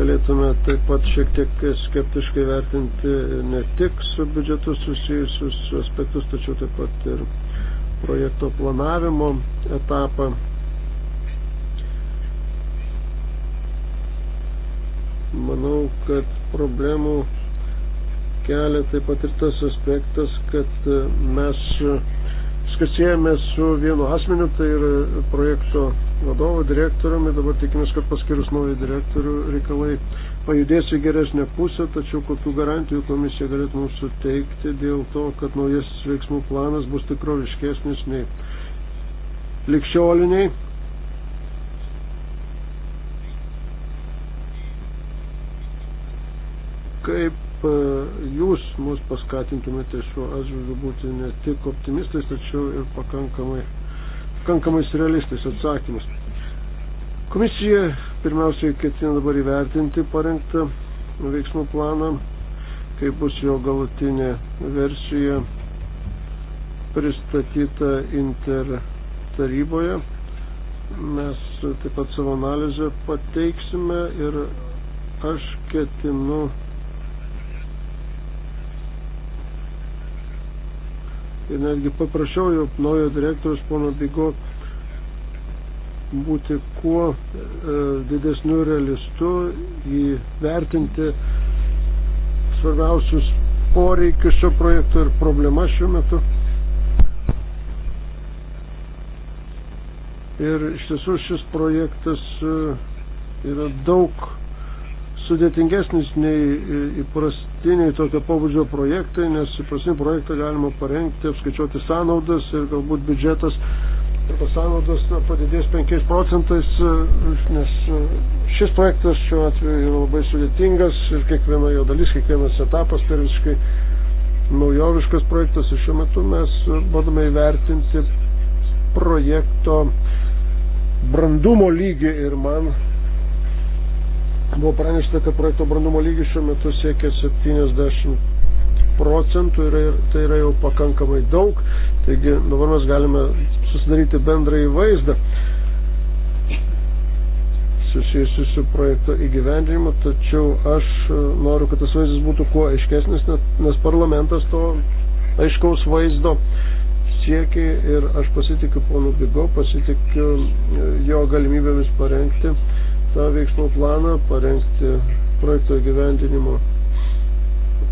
galėtume taip pat šiek tiek skeptiškai vertinti ne tik su biudžetu susijusius aspektus, tačiau taip pat ir projekto planavimo etapą. Manau, kad problemų kelia taip pat ir tas aspektas, kad e, mes e, skatsėjame su vienu asmeniu, tai yra projekto vadovo direktoriumi, dabar tikimės, kad paskirus naują direktorių reikalai pajudės į geresnę pusę, tačiau kokių garantijų komisija galėtų mums suteikti dėl to, kad naujasis veiksmų planas bus tikroviškesnis nei likščioliniai Kaip e, jūs mus paskatintumėte šiuo atžvilgiu būti ne tik optimistais, tačiau ir pakankamai, pakankamais realistais atsakymus. Komisija pirmiausiai ketina dabar įvertinti parengtą veiksmų planą, kaip bus jo galutinė versija pristatyta inter taryboje. Mes taip pat savo analizę pateiksime ir aš ketinu ir netgi paprašiau jau naujo direktorius pono Bigo būti kuo e, didesniu realistu, įvertinti svarbiausius poreikius šio projekto ir problemas šiuo metu. Ir iš tiesų šis projektas e, yra daug sudėtingesnis nei įprastiniai tokio pobūdžio projektai, nes įprastinį projektą galima parengti, apskaičiuoti sąnaudas ir galbūt biudžetas arba sąnaudas na, padidės 5 procentais, nes šis projektas šiuo atveju yra labai sudėtingas ir kiekviena jo dalis, kiekvienas etapas tai visiškai naujoviškas projektas ir šiuo metu mes bandome įvertinti projekto brandumo lygį ir man Buvo pranešta, kad projekto brandumo lygis šiuo metu siekia 70 procentų ir tai yra jau pakankamai daug. Taigi dabar mes galime susidaryti bendrąjį vaizdą susijusiu su projekto įgyvendinimu, tačiau aš e, noriu, kad tas vaizdas būtų kuo aiškesnis, nes parlamentas to aiškaus vaizdo siekia ir aš pasitikiu ponu Bigo, pasitikiu e, jo galimybėmis parengti tą veiksmų planą, parengti projekto gyvendinimo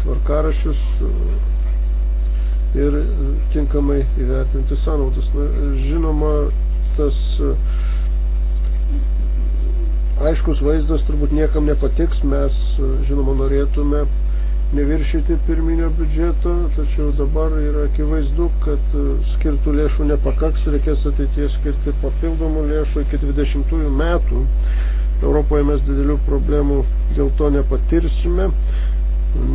tvarkarašius ir tinkamai įvertinti sąnaudas. Na, žinoma, tas aiškus vaizdas turbūt niekam nepatiks, mes žinoma norėtume neviršyti pirminio biudžeto, tačiau dabar yra akivaizdu, kad skirtų lėšų nepakaks, reikės ateities skirti papildomų lėšų iki 20 metų Europoje mes didelių problemų dėl to nepatirsime,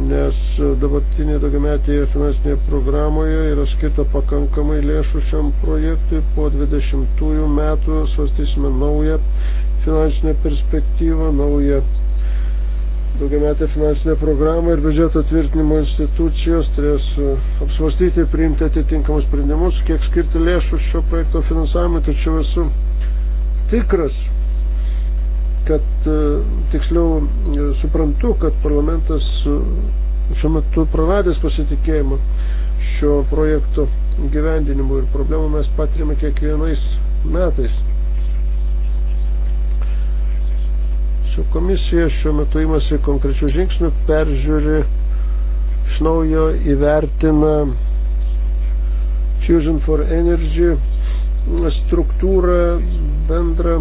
nes dabartinė daugiametėje finansinėje programoje yra skirta pakankamai lėšų šiam projektui. Po 20 metų svarstysime naują finansinę perspektyvą, naują daugiametę finansinę programą ir biudžeto tvirtinimo institucijos turės e, apsvarstyti ir priimti atitinkamus sprendimus, kiek skirti lėšų šio projekto finansavimui, tačiau esu tikras, kad e, tiksliau e, suprantu, kad parlamentas e, šiuo metu praradęs pasitikėjimą šio projekto gyvendinimu ir problemų mes patiriame kiekvienais metais. Su komisija šiuo metu imasi konkrečių žingsnių, peržiūri, iš naujo įvertina Fusion for Energy struktūrą bendrą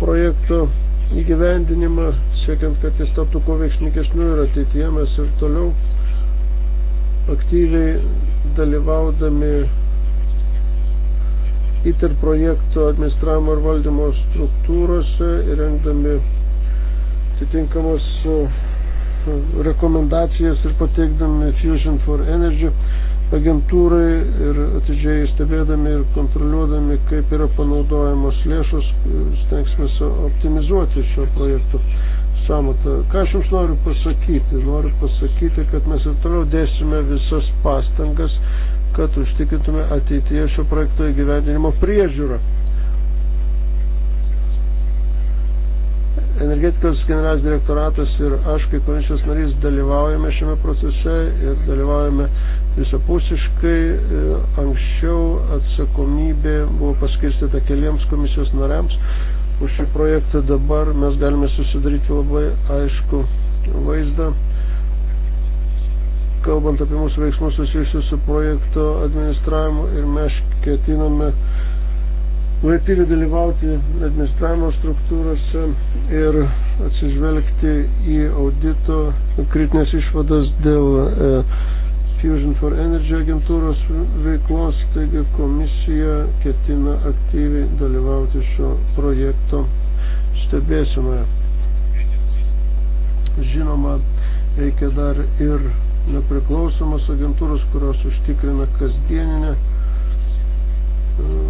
projekto įgyvendinimą, siekiant, kad jis taptų kuo veiksmingesniu ir ateityje mes ir toliau aktyviai dalyvaudami ITER projekto administravimo ir valdymo struktūrose ir rengdami atitinkamas uh, rekomendacijas ir pateikdami Fusion for Energy agentūrai ir atidžiai stebėdami ir kontroliuodami, kaip yra panaudojamos lėšos, stengsime optimizuoti šio projekto sąmatą. Ką aš jums noriu pasakyti? Noriu pasakyti, kad mes ir toliau dėsime visas pastangas, kad užtikrintume ateityje šio projekto įgyvendinimo priežiūrą. energetikos generalinis direktoratas ir aš kaip komisijos narys dalyvaujame šiame procese ir dalyvaujame visapusiškai. E, anksčiau atsakomybė buvo paskirstyta keliems komisijos nariams. Už šį projektą dabar mes galime susidaryti labai aišku vaizdą. Kalbant apie mūsų veiksmus susijusius su projekto administravimu ir mes ketiname laikinai dalyvauti administravimo struktūrose ir atsižvelgti į audito kritinės išvadas dėl e, Fusion for Energy agentūros veiklos, taigi komisija ketina aktyviai dalyvauti šio projekto stebėsimoje. Žinoma, reikia dar ir nepriklausomos agentūros, kurios užtikrina kasdieninę e,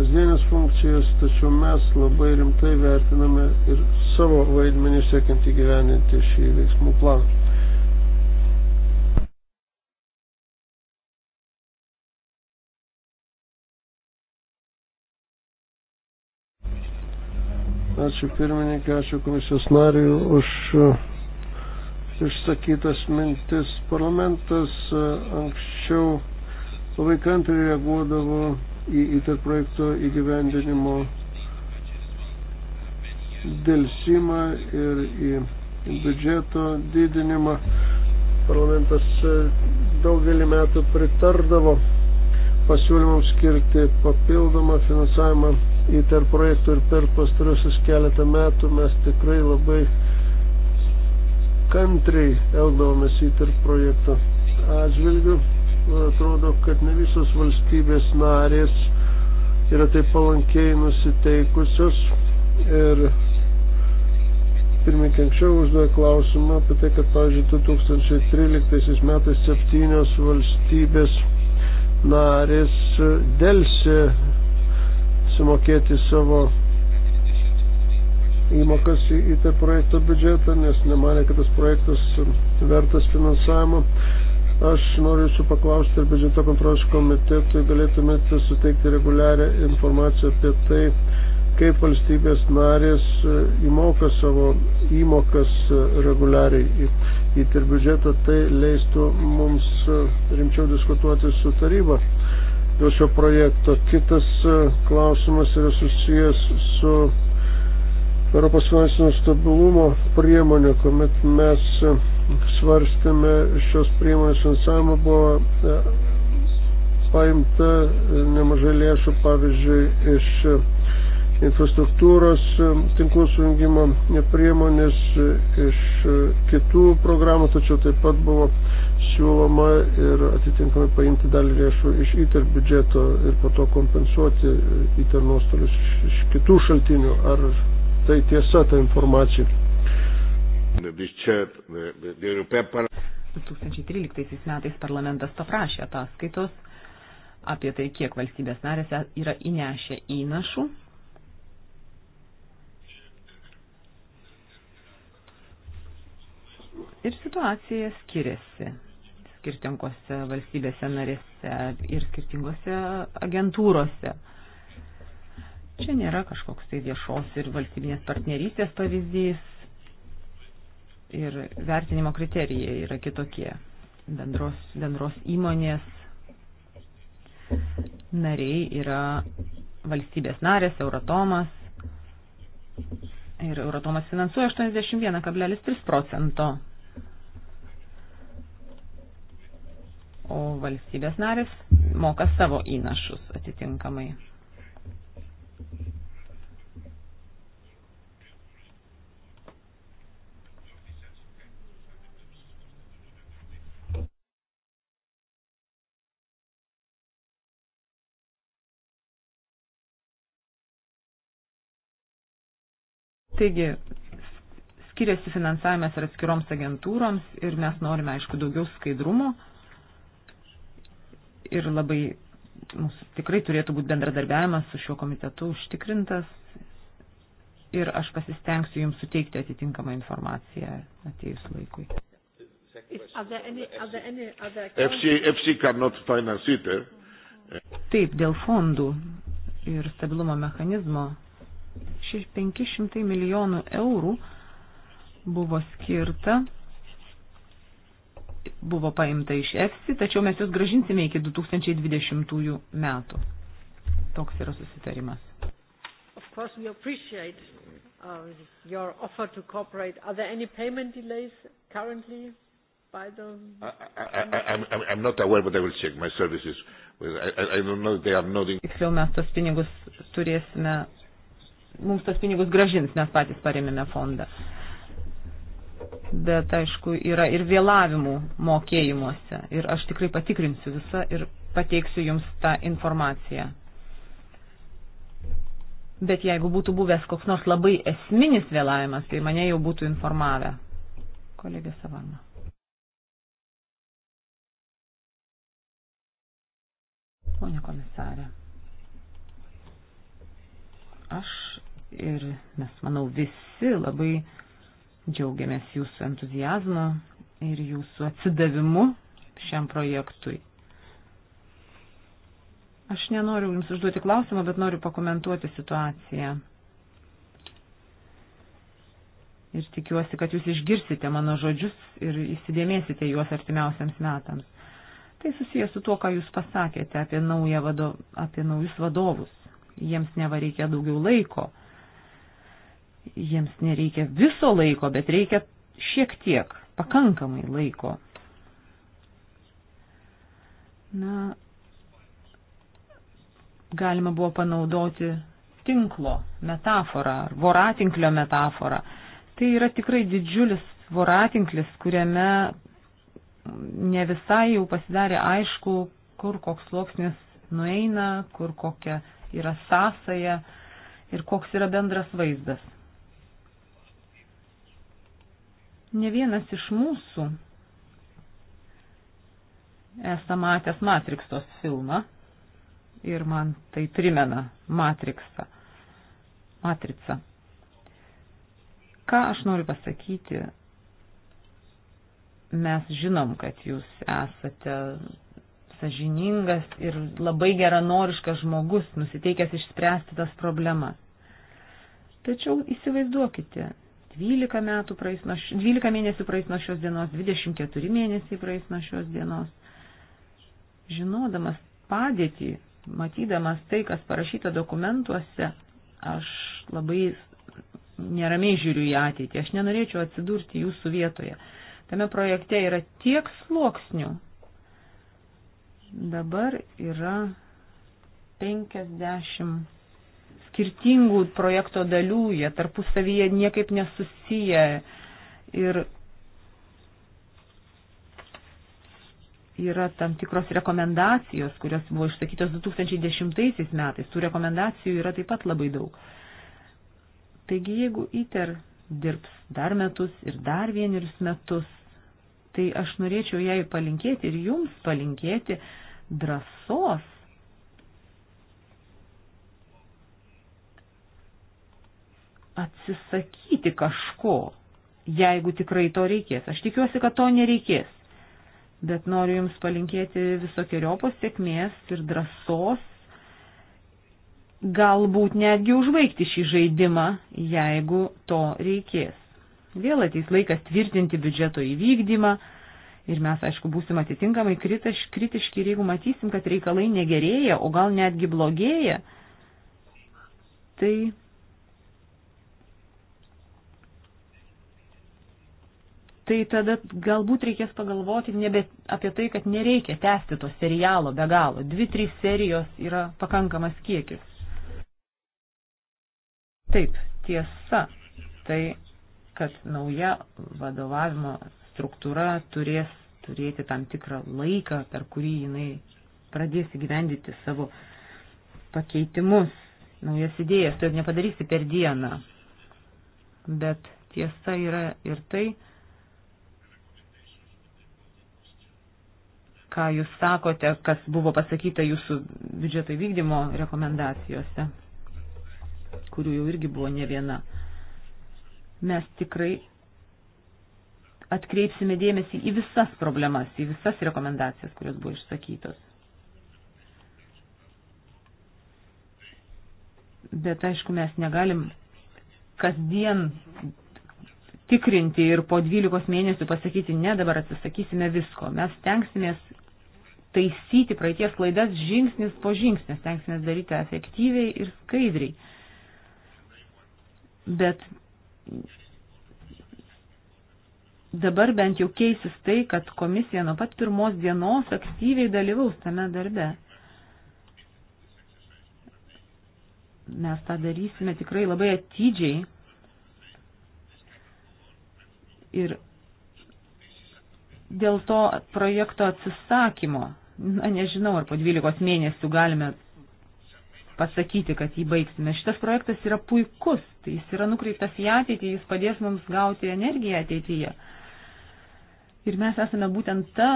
kasdienės funkcijas, tačiau mes labai rimtai vertiname ir savo vaidmenį siekiant įgyveninti šį veiksmų planą. Ačiū pirmininkė, ačiū komisijos nariui už uh, išsakytas mintis. Parlamentas uh, anksčiau labai kantriai reaguodavo į ITER projekto įgyvendinimo dėlsimą ir į biudžeto didinimą. Parlamentas uh, daugelį metų pritardavo pasiūlymams skirti papildomą finansavimą į tarp projektų ir per pastarusius keletą metų mes tikrai labai kantriai elgdavomės į tarp projektų atžvilgių. Man atrodo, kad ne visos valstybės narės yra taip palankiai nusiteikusios ir pirmininkė anksčiau uždavė klausimą apie tai, kad, pavyzdžiui, 2013 metais septynios valstybės narės dėlsi sumokėti savo įmokas į, į tą projekto biudžetą, nes nemanė, kad tas projektas vertas finansavimo. Aš noriu jūsų paklausti, ar biudžeto kontrolės komitetui galėtumėte suteikti reguliarią informaciją apie tai, kaip valstybės narės įmoka savo įmokas reguliariai į įti ir biudžetą, tai leistų mums e, rimčiau diskutuoti su taryba dėl šio projekto. Kitas e, klausimas yra susijęs su Europos finansinio stabilumo priemonė, kuomet mes e, svarstėme šios priemonės finansavimą, buvo paimta nemažai lėšų, pavyzdžiui, iš infrastruktūros e, tinklų sujungimo priemonės e, iš e, kitų programų, tačiau taip pat buvo siūloma ir atitinkamai paimti dalį lėšų iš ITER biudžeto ir po to kompensuoti ITER nuostolius iš kitų šaltinių. Ar tai tiesa ta informacija? 2013 metais parlamentas paprašė ataskaitos apie tai, kiek valstybės narėse yra įnešę įnašų Ir situacija skiriasi skirtingose valstybėse narėse ir skirtingose agentūrose. Čia nėra kažkoks tai viešos ir valstybinės partnerystės pavyzdys ir vertinimo kriterijai yra kitokie. Bendros, bendros įmonės nariai yra valstybės narės, Euratomas, ir Eurotomas finansuoja 81,3 procento. O valstybės narės moka savo įnašus atitinkamai. Taigi, skiriasi finansavimas ir atskiroms agentūroms ir mes norime, aišku, daugiau skaidrumo ir labai mūsų tikrai turėtų būti bendradarbiavimas su šiuo komitetu užtikrintas ir aš pasistengsiu jums suteikti atitinkamą informaciją atėjus laikui. FC cannot finance it. Eh? Taip, dėl fondų ir stabilumo mechanizmo 500 milijonų eurų buvo skirta, buvo paimta iš EFSI, tačiau mes jūs gražinsime iki 2020 metų. Toks yra susitarimas. Um, I, I, I'm, I'm not aware, but I will check my services. I, I don't know if they are nodding. Tiksliau mes tos pinigus turėsime mums tos pinigus gražins, mes patys paremėme fondą. Bet, aišku, yra ir vėlavimų mokėjimuose. Ir aš tikrai patikrinsiu visą ir pateiksiu jums tą informaciją. Bet jeigu būtų buvęs koks nors labai esminis vėlavimas, tai mane jau būtų informavę. Kolegė Savana. Pone komisarė. Aš ir mes, manau, visi labai džiaugiamės jūsų entuzijazmu ir jūsų atsidavimu šiam projektui. Aš nenoriu Jums užduoti klausimą, bet noriu pakomentuoti situaciją. Ir tikiuosi, kad Jūs išgirsite mano žodžius ir įsidėmėsite juos artimiausiams metams. Tai susijęs su tuo, ką Jūs pasakėte apie, naują vado, apie naujus vadovus. Jiems neva reikia daugiau laiko Jiems nereikia viso laiko, bet reikia šiek tiek, pakankamai laiko. Na, galima buvo panaudoti tinklo metaforą ar voratinklio metaforą. Tai yra tikrai didžiulis voratinklis, kuriame ne visai jau pasidarė aišku, kur koks sluoksnis nueina, kur kokia yra sąsaja ir koks yra bendras vaizdas. Ne vienas iš mūsų esą matęs Matrixos filmą ir man tai primena Matrixą. Matricą. Ką aš noriu pasakyti? Mes žinom, kad jūs esate sažiningas ir labai geranoriškas žmogus, nusiteikęs išspręsti tas problemas. Tačiau įsivaizduokite, 12, metų praeis nuo, 12 mėnesių praeis nuo šios dienos, 24 mėnesiai praeis nuo šios dienos. Žinodamas padėtį, matydamas tai, kas parašyta dokumentuose, aš labai neramiai žiūriu į ateitį, aš nenorėčiau atsidurti jūsų vietoje. Tame projekte yra tiek sluoksnių. Dabar yra 50 skirtingų projekto dalių, jie tarpusavyje niekaip nesusiję. Ir yra tam tikros rekomendacijos, kurios buvo išsakytos 2010 metais. Tų rekomendacijų yra taip pat labai daug. Taigi, jeigu ITER dirbs dar metus ir dar vienerius metus, tai aš norėčiau jai palinkėti ir jums palinkėti drąsos atsisakyti kažko, jeigu tikrai to reikės. Aš tikiuosi, kad to nereikės. Bet noriu Jums palinkėti visokiojopos sėkmės ir drąsos, galbūt netgi užbaigti šį žaidimą, jeigu to reikės. Vėl ateis laikas tvirtinti biudžeto įvykdymą ir mes, aišku, būsim atitinkamai kritiš, kritiški ir jeigu matysim, kad reikalai negerėja, o gal netgi blogėja, tai tai tada galbūt reikės pagalvoti nebe apie tai, kad nereikia tęsti to serialo be galo. Dvi, trys serijos yra pakankamas kiekis. Taip, tiesa, tai, kad nauja vadovavimo struktūra turės turėti tam tikrą laiką, per kurį jinai pradės įgyvendyti savo pakeitimus, naujas idėjas, tai nepadarysi per dieną. Bet tiesa yra ir tai, ką jūs sakote, kas buvo pasakyta jūsų biudžeto įvykdymo rekomendacijose, kurių jau irgi buvo ne viena. Mes tikrai atkreipsime dėmesį į visas problemas, į visas rekomendacijas, kurios buvo išsakytos. Bet aišku, mes negalim kasdien tikrinti ir po 12 mėnesių pasakyti, ne, dabar atsisakysime visko. Mes tenksimės taisyti praeities klaidas žingsnis po žingsnis, tenksimės daryti efektyviai ir skaidriai. Bet dabar bent jau keisis tai, kad komisija nuo pat pirmos dienos aktyviai dalyvaus tame darbe. Mes tą darysime tikrai labai atidžiai ir dėl to projekto atsisakymo Na, nežinau, ar po 12 mėnesių galime pasakyti, kad jį baigsime. Šitas projektas yra puikus, tai jis yra nukreiptas į ateitį, jis padės mums gauti energiją ateityje. Ir mes esame būtent ta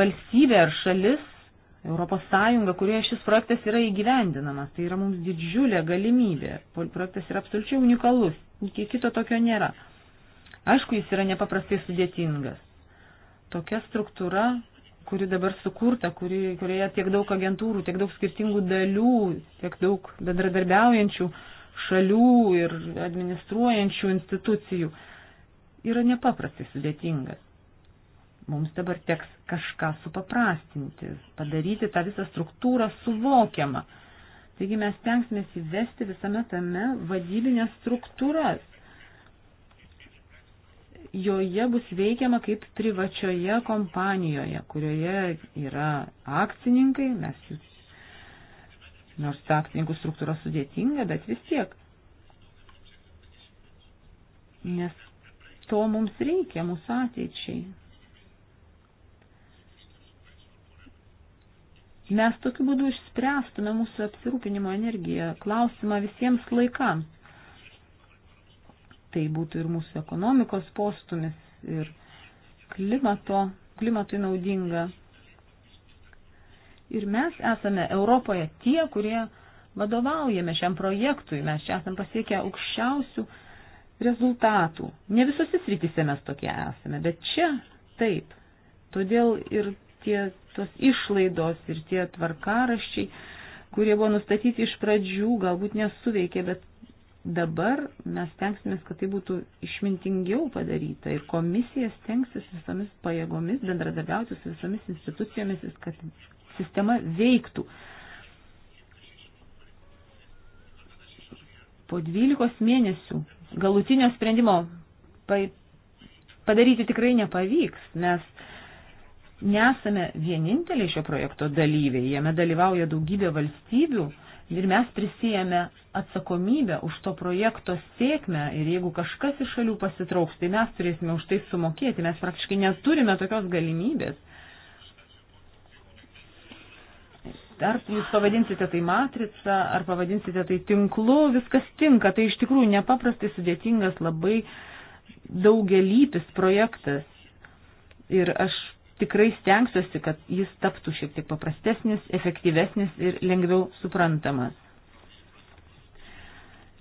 valstybė ar šalis, Europos Sąjunga, kurioje šis projektas yra įgyvendinamas. Tai yra mums didžiulė galimybė. Projektas yra absoliučiai unikalus, iki kito tokio nėra. Aišku, jis yra nepaprastai sudėtingas. Tokia struktūra kuri dabar sukurta, kuri, kurioje tiek daug agentūrų, tiek daug skirtingų dalių, tiek daug bendradarbiaujančių šalių ir administruojančių institucijų, yra nepaprastai sudėtingas. Mums dabar teks kažką supaprastinti, padaryti tą visą struktūrą suvokiamą. Taigi mes tenksimės įvesti visame tame vadybinės struktūras joje bus veikiama kaip privačioje kompanijoje, kurioje yra akcininkai, mes jų, nors ta akcininkų struktūra sudėtinga, bet vis tiek. Nes to mums reikia mūsų ateičiai. Mes tokiu būdu išspręstume mūsų apsirūpinimo energiją klausimą visiems laikams tai būtų ir mūsų ekonomikos postumis, ir klimato, klimatui naudinga. Ir mes esame Europoje tie, kurie vadovaujame šiam projektui, mes čia esame pasiekę aukščiausių rezultatų. Ne visose srityse mes tokie esame, bet čia taip. Todėl ir tie, tos išlaidos ir tie tvarkaraščiai, kurie buvo nustatyti iš pradžių, galbūt nesuveikė, bet Dabar mes tenksimės, kad tai būtų išmintingiau padaryta ir komisija stengsis visomis pajėgomis bendradarbiauti su visomis institucijomis, kad sistema veiktų. Po 12 mėnesių galutinio sprendimo padaryti tikrai nepavyks, nes nesame vieninteliai šio projekto dalyviai, jame dalyvauja daugybė valstybių Ir mes prisijėmė atsakomybę už to projekto sėkmę ir jeigu kažkas iš šalių pasitrauks, tai mes turėsime už tai sumokėti. Mes praktiškai neturime tokios galimybės. Ar jūs pavadinsite tai matrica, ar pavadinsite tai tinklu, viskas tinka. Tai iš tikrųjų nepaprastai sudėtingas, labai daugelypis projektas. Ir aš tikrai stengsiuosi, kad jis taptų šiek tiek paprastesnis, efektyvesnis ir lengviau suprantamas.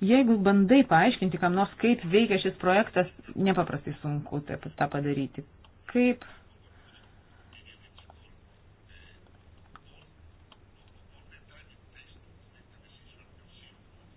Jeigu bandai paaiškinti kam nors, kaip veikia šis projektas, nepaprastai sunku taip, tą padaryti. Kaip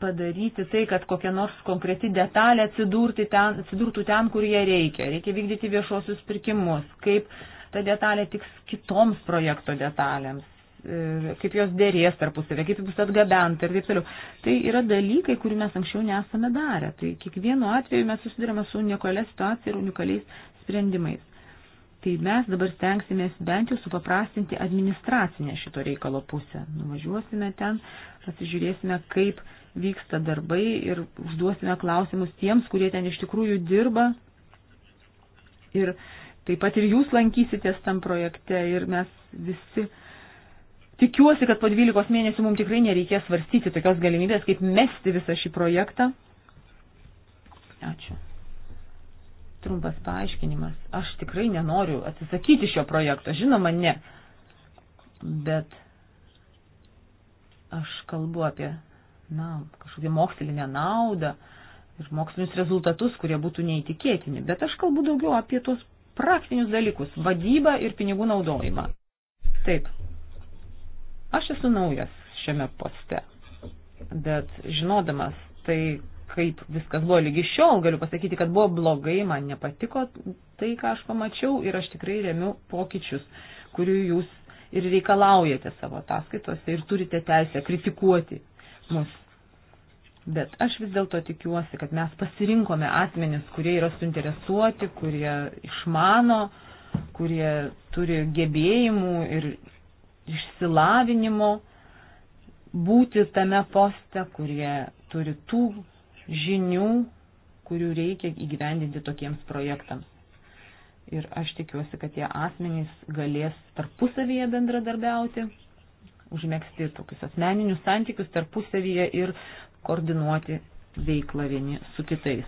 padaryti tai, kad kokia nors konkreti detalė ten, atsidurtų ten, kur jie reikia. Reikia vykdyti viešuosius pirkimus, kaip ta detalė tiks kitoms projekto detalėms e, kaip jos dėrės tarpusavė, kaip bus atgabenta ir taip toliau. Tai yra dalykai, kurių mes anksčiau nesame darę. Tai kiekvienu atveju mes susidurėme su unikalia situacija ir unikaliais sprendimais. Tai mes dabar stengsimės bent jau supaprastinti administracinę šito reikalo pusę. Nuvažiuosime ten, pasižiūrėsime, kaip vyksta darbai ir užduosime klausimus tiems, kurie ten iš tikrųjų dirba. Ir uh, Taip pat ir jūs lankysitės tam projekte ir mes visi tikiuosi, kad po 12 mėnesių mums tikrai nereikės svarstyti tokios galimybės, kaip mesti visą šį projektą. Ačiū. Trumpas paaiškinimas. Aš tikrai nenoriu atsisakyti šio projekto, žinoma, ne. Bet aš kalbu apie, na, kažkokią mokslinę naudą ir mokslinius rezultatus, kurie būtų neįtikėtini. Bet aš kalbu daugiau apie tuos praktinius dalykus - vadybą ir pinigų naudojimą. Taip. Aš esu naujas šiame poste, bet žinodamas tai, kaip viskas buvo lygi šiol, galiu pasakyti, kad buvo blogai, man nepatiko tai, ką aš pamačiau ir aš tikrai remiu pokyčius, kurių jūs ir reikalaujate savo ataskaitose ir turite teisę kritikuoti mus. Bet aš vis dėlto tikiuosi, kad mes pasirinkome asmenis, kurie yra suinteresuoti, kurie išmano, kurie turi gebėjimų ir išsilavinimo būti tame poste, kurie turi tų žinių, kurių reikia įgyvendinti tokiems projektams. Ir aš tikiuosi, kad tie asmenys galės tarpusavyje bendradarbiauti, užmėgsti tokius asmeninius santykius tarpusavyje ir koordinuoti veiklą vieni su kitais.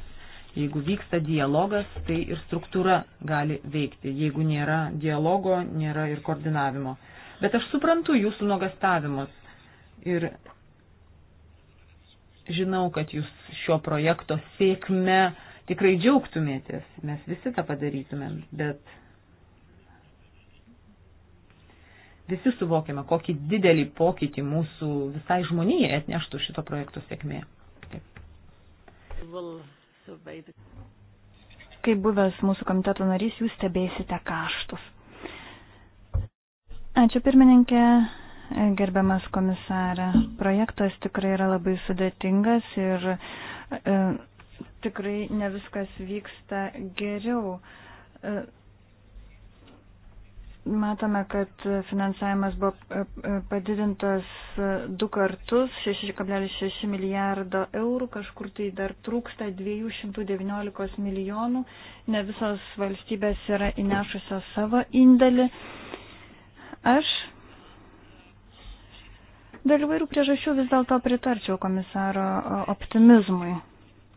Jeigu vyksta dialogas, tai ir struktūra gali veikti. Jeigu nėra dialogo, nėra ir koordinavimo. Bet aš suprantu jūsų nuogastavimus ir žinau, kad jūs šio projekto sėkme tikrai džiaugtumėtės. Mes visi tą padarytumėm, bet visi suvokiame, kokį didelį pokytį mūsų visai žmonijai atneštų šito projekto sėkmė. Taip. Kaip buvęs mūsų komiteto narys, jūs stebėsite kaštus. Ačiū pirmininkė, gerbiamas komisarė. Projektas tikrai yra labai sudėtingas ir e, tikrai ne viskas vyksta geriau. E, Matome, kad finansavimas buvo e, e, padidintas e, du kartus, 6,6 milijardo eurų, kažkur tai dar trūksta 219 milijonų, ne visos valstybės yra įnešusios savo indėlį. Aš dėl įvairių priežasčių vis dėlto pritarčiau komisaro optimizmui.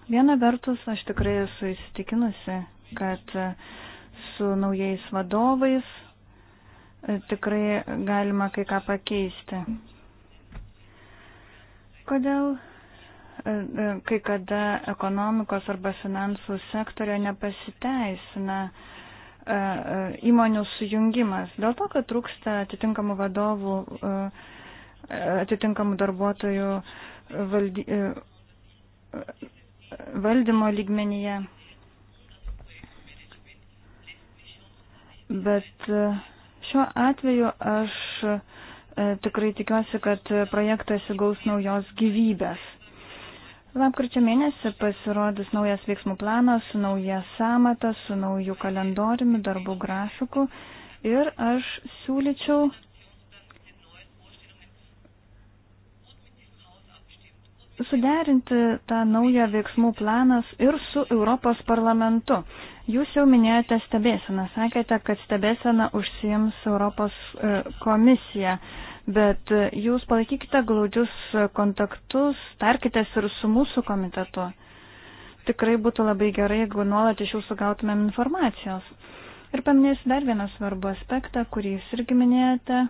Viena vertus, aš tikrai esu įsitikinusi, kad su naujais vadovais, tikrai galima kai ką pakeisti. Kodėl e, e, kai kada ekonomikos arba finansų sektorio nepasiteisina e, įmonių sujungimas? Dėl to, kad trūksta atitinkamų vadovų, atitinkamų darbuotojų valdy, valdymo lygmenyje. Bet uh, Šiuo atveju aš e, tikrai tikiuosi, kad projektas įgaus naujos gyvybės. Lapkričio mėnesį pasirodys naujas veiksmų planas su nauja samata, su naujų kalendoriumi, darbų grafiku ir aš siūlyčiau suderinti tą naują veiksmų planas ir su Europos parlamentu. Jūs jau minėjote stebėseną, sakėte, kad stebėseną užsiims Europos e, komisija, bet e, jūs palaikykite glaudžius kontaktus, tarkitės ir su mūsų komitetu. Tikrai būtų labai gerai, jeigu nuolat iš jūsų gautumėm informacijos. Ir paminėsiu dar vieną svarbų aspektą, kurį jūs irgi minėjote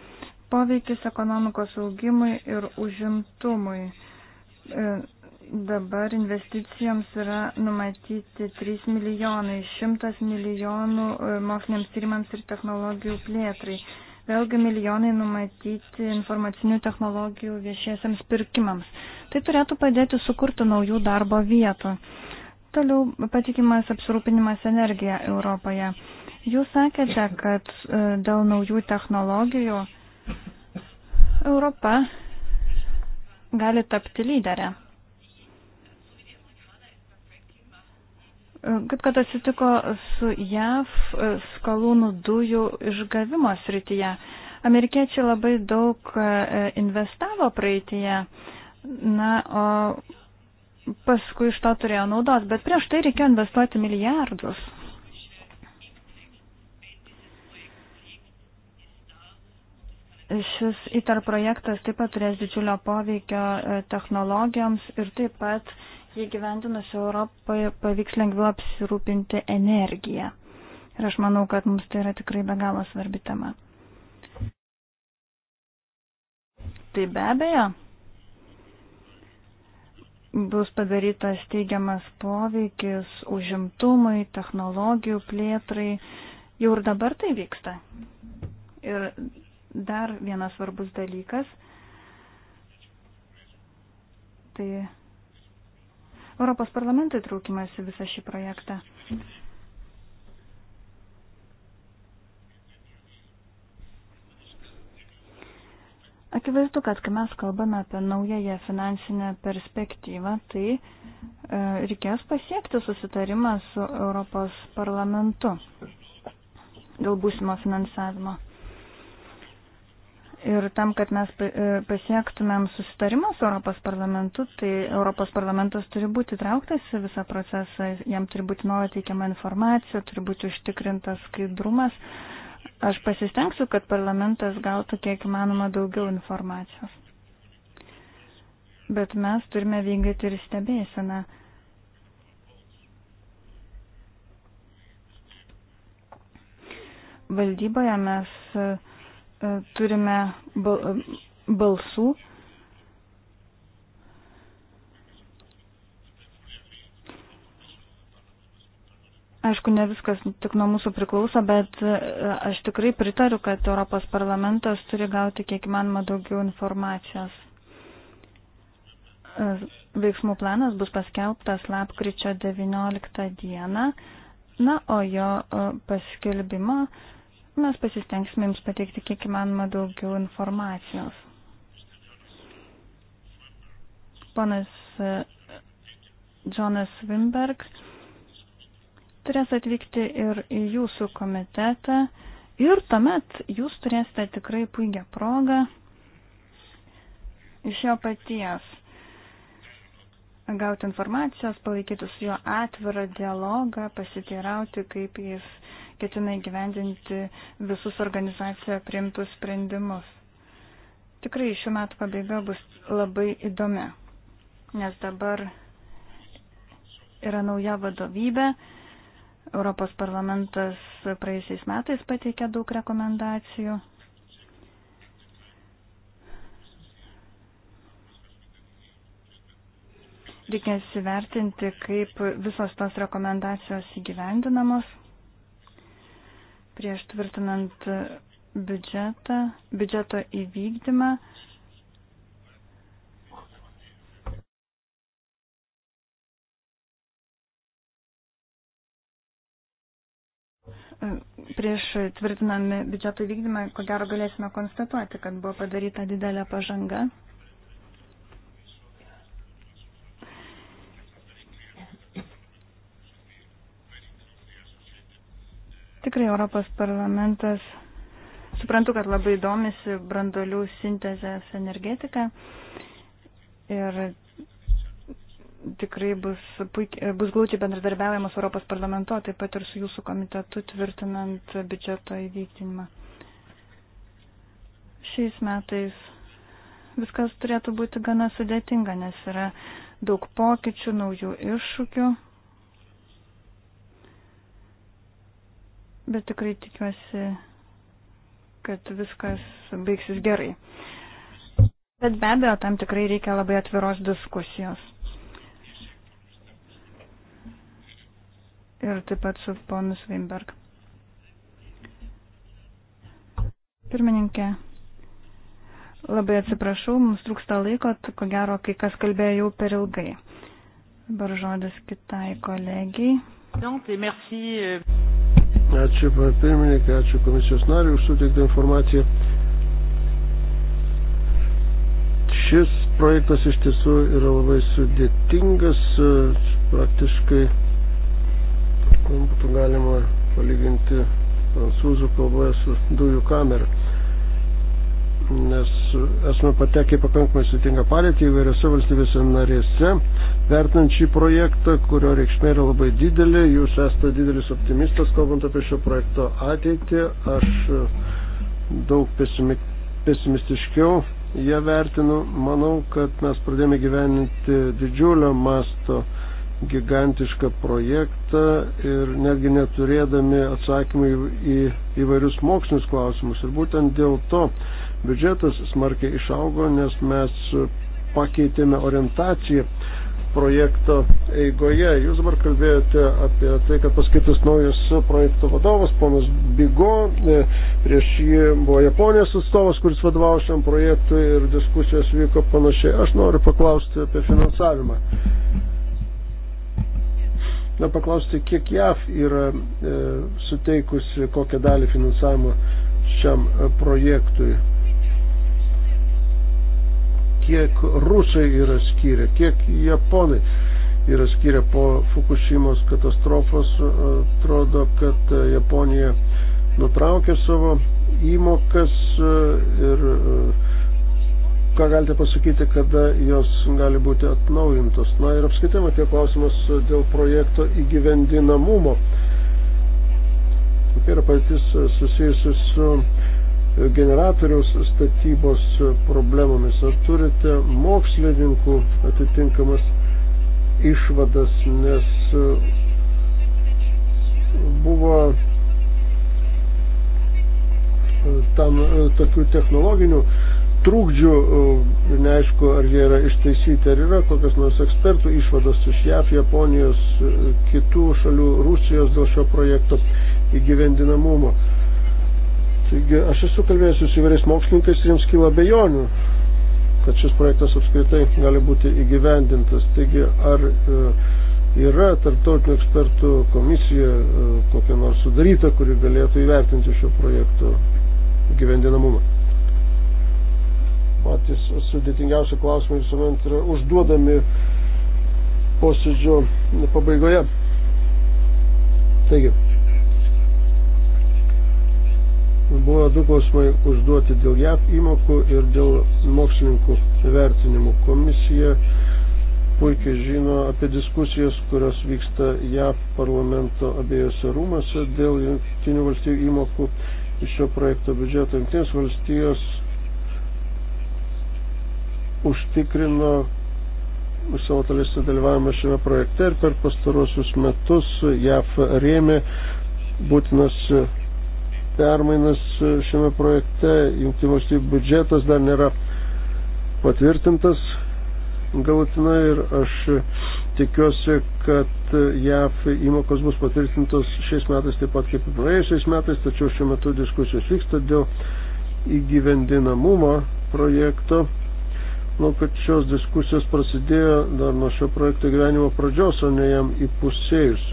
- poveikis ekonomikos augimui ir užimtumui. E, Dabar investicijoms yra numatyti 3 milijonai, 100 milijonų e, moksliniams tyrimams ir technologijų plėtrai. Vėlgi milijonai numatyti informacinių technologijų viešiesiams pirkimams. Tai turėtų padėti sukurti naujų darbo vietų. Toliau patikimas apsirūpinimas energija Europoje. Jūs sakėte, kad e, dėl naujų technologijų Europa gali tapti lyderę. Kaip kad atsitiko su JAV e, skalūnų dujų išgavimo srityje. Amerikiečiai labai daug e, investavo praeitėje, na, o paskui iš to turėjo naudos, bet prieš tai reikėjo investuoti milijardus. Šis ITER projektas taip pat turės didžiulio poveikio e, technologijoms ir taip pat uh, jį gyventinus Europoje pavyks lengviau apsirūpinti energiją. Ir aš manau, kad mums tai yra tikrai be galo svarbi tema. Tai be abejo bus padarytas teigiamas poveikis užimtumui, technologijų plėtrai. Jau ir dabar tai vyksta. Ir dar vienas svarbus dalykas. Tai Europos parlamento įtraukimas į visą šį projektą. Akivaizdu, kad kai mes kalbame apie naująją finansinę perspektyvą, tai e, reikės pasiekti susitarimą su Europos parlamentu dėl būsimo finansavimo. Ir tam, kad mes e, pasiektumėm susitarimą su Europos parlamentu, tai Europos parlamentas turi būti trauktas į visą procesą, jam turi būti nuolat teikiama informacija, turi būti užtikrintas skaidrumas. Aš pasistengsiu, kad parlamentas gautų kiek įmanoma daugiau informacijos. Bet mes turime vykdyti ir stebėseną. Valdyboje mes uh, E, turime e, balsų. Aišku, ne viskas tik nuo mūsų priklauso, bet e, aš tikrai pritariu, kad Europos parlamentas turi gauti kiek įmanoma daugiau informacijos. Veiksmų planas bus paskelbtas lapkričio 19 dieną, na, o jo paskelbimo uh, Mes pasistengsime jums pateikti kiek įmanoma daugiau informacijos. Ponas Jonas e, Wimberg turės atvykti ir į jūsų komitetą ir tuomet jūs turėsite tikrai puikią progą iš jo paties gauti informacijos, palaikyti su juo atvirą dialogą, pasiteirauti, kaip jis uh, ketina įgyvendinti visus organizaciją priimtus sprendimus. Tikrai šių metų pabaiga bus labai įdomi, nes dabar yra nauja vadovybė. Europos parlamentas praėjusiais metais pateikė daug rekomendacijų. Reikės įvertinti, kaip visos tos rekomendacijos įgyvendinamos prieš tvirtinant biudžetą, biudžeto įvykdymą. Prieš tvirtinami biudžeto įvykdymą, ko gero galėsime konstatuoti, kad buvo padaryta didelė pažanga Tikrai Europos parlamentas, suprantu, kad labai domisi brandolių sintezės energetika ir tikrai bus, puikia, bus glaučiai bendradarbiavimas Europos parlamento, taip pat ir su jūsų komitetu tvirtinant biudžeto įvykdinimą. Šiais metais viskas turėtų būti gana sudėtinga, nes yra daug pokyčių, naujų iššūkių. bet tikrai tikiuosi, kad viskas baigsis gerai. Bet be abejo, tam tikrai reikia labai atviros diskusijos. Ir taip pat su ponus Weinberg. Pirmininkė, labai atsiprašau, mums trūksta laiko, ko gero, kai kas kalbėjo jau per ilgai. Dabar žodis kitai kolegijai. Ačiū pirmininkai, ačiū komisijos nariui už suteiktą informaciją. Šis projektas iš tiesų yra labai sudėtingas, praktiškai būtų galima palyginti prancūzų kalboje su dujų kamera nes esame patekę pakankamai sutinką padėtį įvairiose valstybėse narėse, vertinant šį projektą, kurio reikšmė yra labai didelė, jūs esate didelis optimistas, kalbant apie šio projekto ateitį, aš e, daug pesimi, pesimistiškiau ją vertinu, manau, kad mes pradėjome gyveninti didžiulio masto gigantišką projektą ir netgi neturėdami atsakymų į, į įvairius mokslinius klausimus. Ir būtent dėl to Biudžetas smarkiai išaugo, nes mes pakeitėme orientaciją projekto eigoje. Jūs dabar kalbėjote apie tai, kad paskirtas naujas projekto vadovas, ponas Bigo, e, prieš jį buvo Japonijos atstovas, kuris vadovavo šiam projektui ir diskusijos vyko panašiai. Aš noriu paklausti apie finansavimą. Na, paklausti, kiek JAV yra e, suteikusi kokią dalį finansavimo šiam e, projektui kiek rusai yra skyrę, kiek japonai yra skyrę po Fukushimos katastrofos. Atrodo, kad e, Japonija nutraukė savo įmokas e, ir e, ką galite pasakyti, kada jos gali būti atnaujintos. Na ir apskaitai matė klausimas dėl projekto įgyvendinamumo. Tai yra patys susijusi su generatoriaus statybos problemomis. Ar turite mokslininkų atitinkamas išvadas, nes e, buvo e, tam e, tokių technologinių trūkdžių, neaišku, ar jie yra ištaisyti, ar yra kokias nors ekspertų išvados iš JAF, Japonijos, kitų šalių, Rusijos dėl šio projekto įgyvendinamumo. Taigi aš esu kalbėjęs su įvairiais mokslininkais ir jiems kyla bejonių, kad šis projektas apskritai gali būti įgyvendintas. Taigi ar e, yra tarptautinių ekspertų komisija e, kokia nors sudaryta, kuri galėtų įvertinti šio projekto gyvendinamumą? Patys sudėtingiausi klausimai visuomet yra užduodami posėdžio pabaigoje. Taigi, Buvo du klausimai užduoti dėl JAV įmokų ir dėl mokslininkų vertinimų. Komisija puikiai žino apie diskusijas, kurios vyksta JAV parlamento abiejose rūmose dėl jungtinių valstybių įmokų iš šio projekto biudžeto. Jungtinės valstijos užtikrino savo tolesnį dalyvavimą šiame projekte ir per pastarosius metus JAV rėmė būtinas permainas šiame projekte. Jungtinių valstybių biudžetas dar nėra patvirtintas galutinai ir aš tikiuosi, kad JAF įmokos bus patvirtintos šiais metais taip pat kaip ir praėjusiais metais, tačiau šiuo metu diskusijos vyksta dėl įgyvendinamumo projekto. Manau, kad šios diskusijos prasidėjo dar nuo šio projekto gyvenimo pradžios, o ne jam įpusėjus.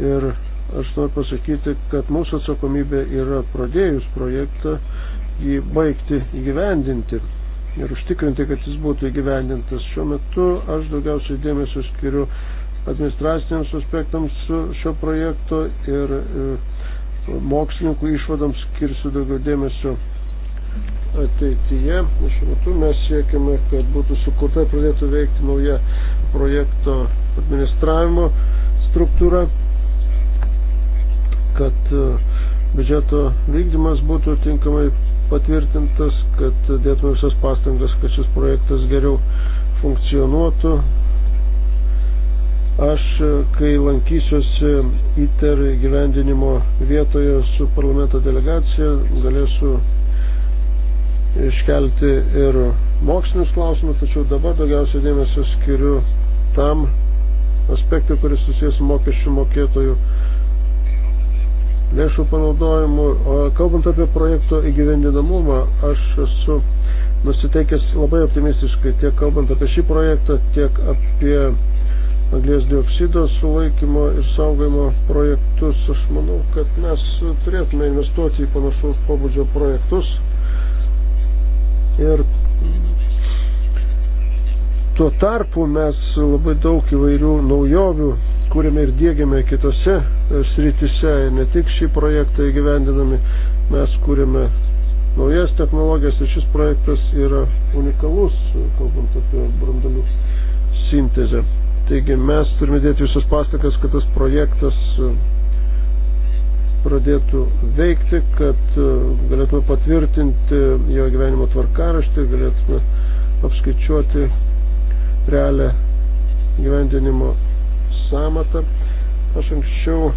Ir Aš noriu pasakyti, kad mūsų atsakomybė yra pradėjus projektą jį baigti įgyvendinti ir užtikrinti, kad jis būtų įgyvendintas. Šiuo metu aš daugiausiai dėmesio skiriu administraciniams aspektams šio projekto ir e, mokslininkų išvadams skirsiu daugiau dėmesio ateityje. Šiuo metu mes siekime, kad būtų sukurta ir pradėtų veikti nauja projekto administravimo struktūra kad e, biudžeto vykdymas būtų tinkamai patvirtintas, kad dėtume visas pastangas, kad šis projektas geriau funkcionuotų. Aš, e, kai lankysiuosi ITER gyvendinimo vietoje su parlamento delegacija, galėsiu iškelti ir mokslinius klausimus, tačiau dabar daugiausiai dėmesio skiriu tam aspektui, kuris susijęs su mokesčių mokėtojų lėšų panaudojimu. O kalbant apie projekto įgyvendinamumą, aš esu nusiteikęs labai optimistiškai tiek kalbant apie šį projektą, tiek apie anglės dioksido sulaikymo ir saugojimo projektus. Aš manau, kad mes turėtume investuoti į panašaus pobūdžio projektus. Ir tuo tarpu mes labai daug įvairių naujovių kūrėme ir dėgiame kitose sritise. Ne tik šį projektą įgyvendinami, mes kūrėme naujas technologijas ir šis projektas yra unikalus, kalbant apie brandalių sintezę. Taigi mes turime dėti visas pastakas, kad tas projektas e, pradėtų veikti, kad e, galėtume patvirtinti jo gyvenimo tvarkaraštį, galėtume apskaičiuoti realią gyvendinimo samatą Aš anksčiau e,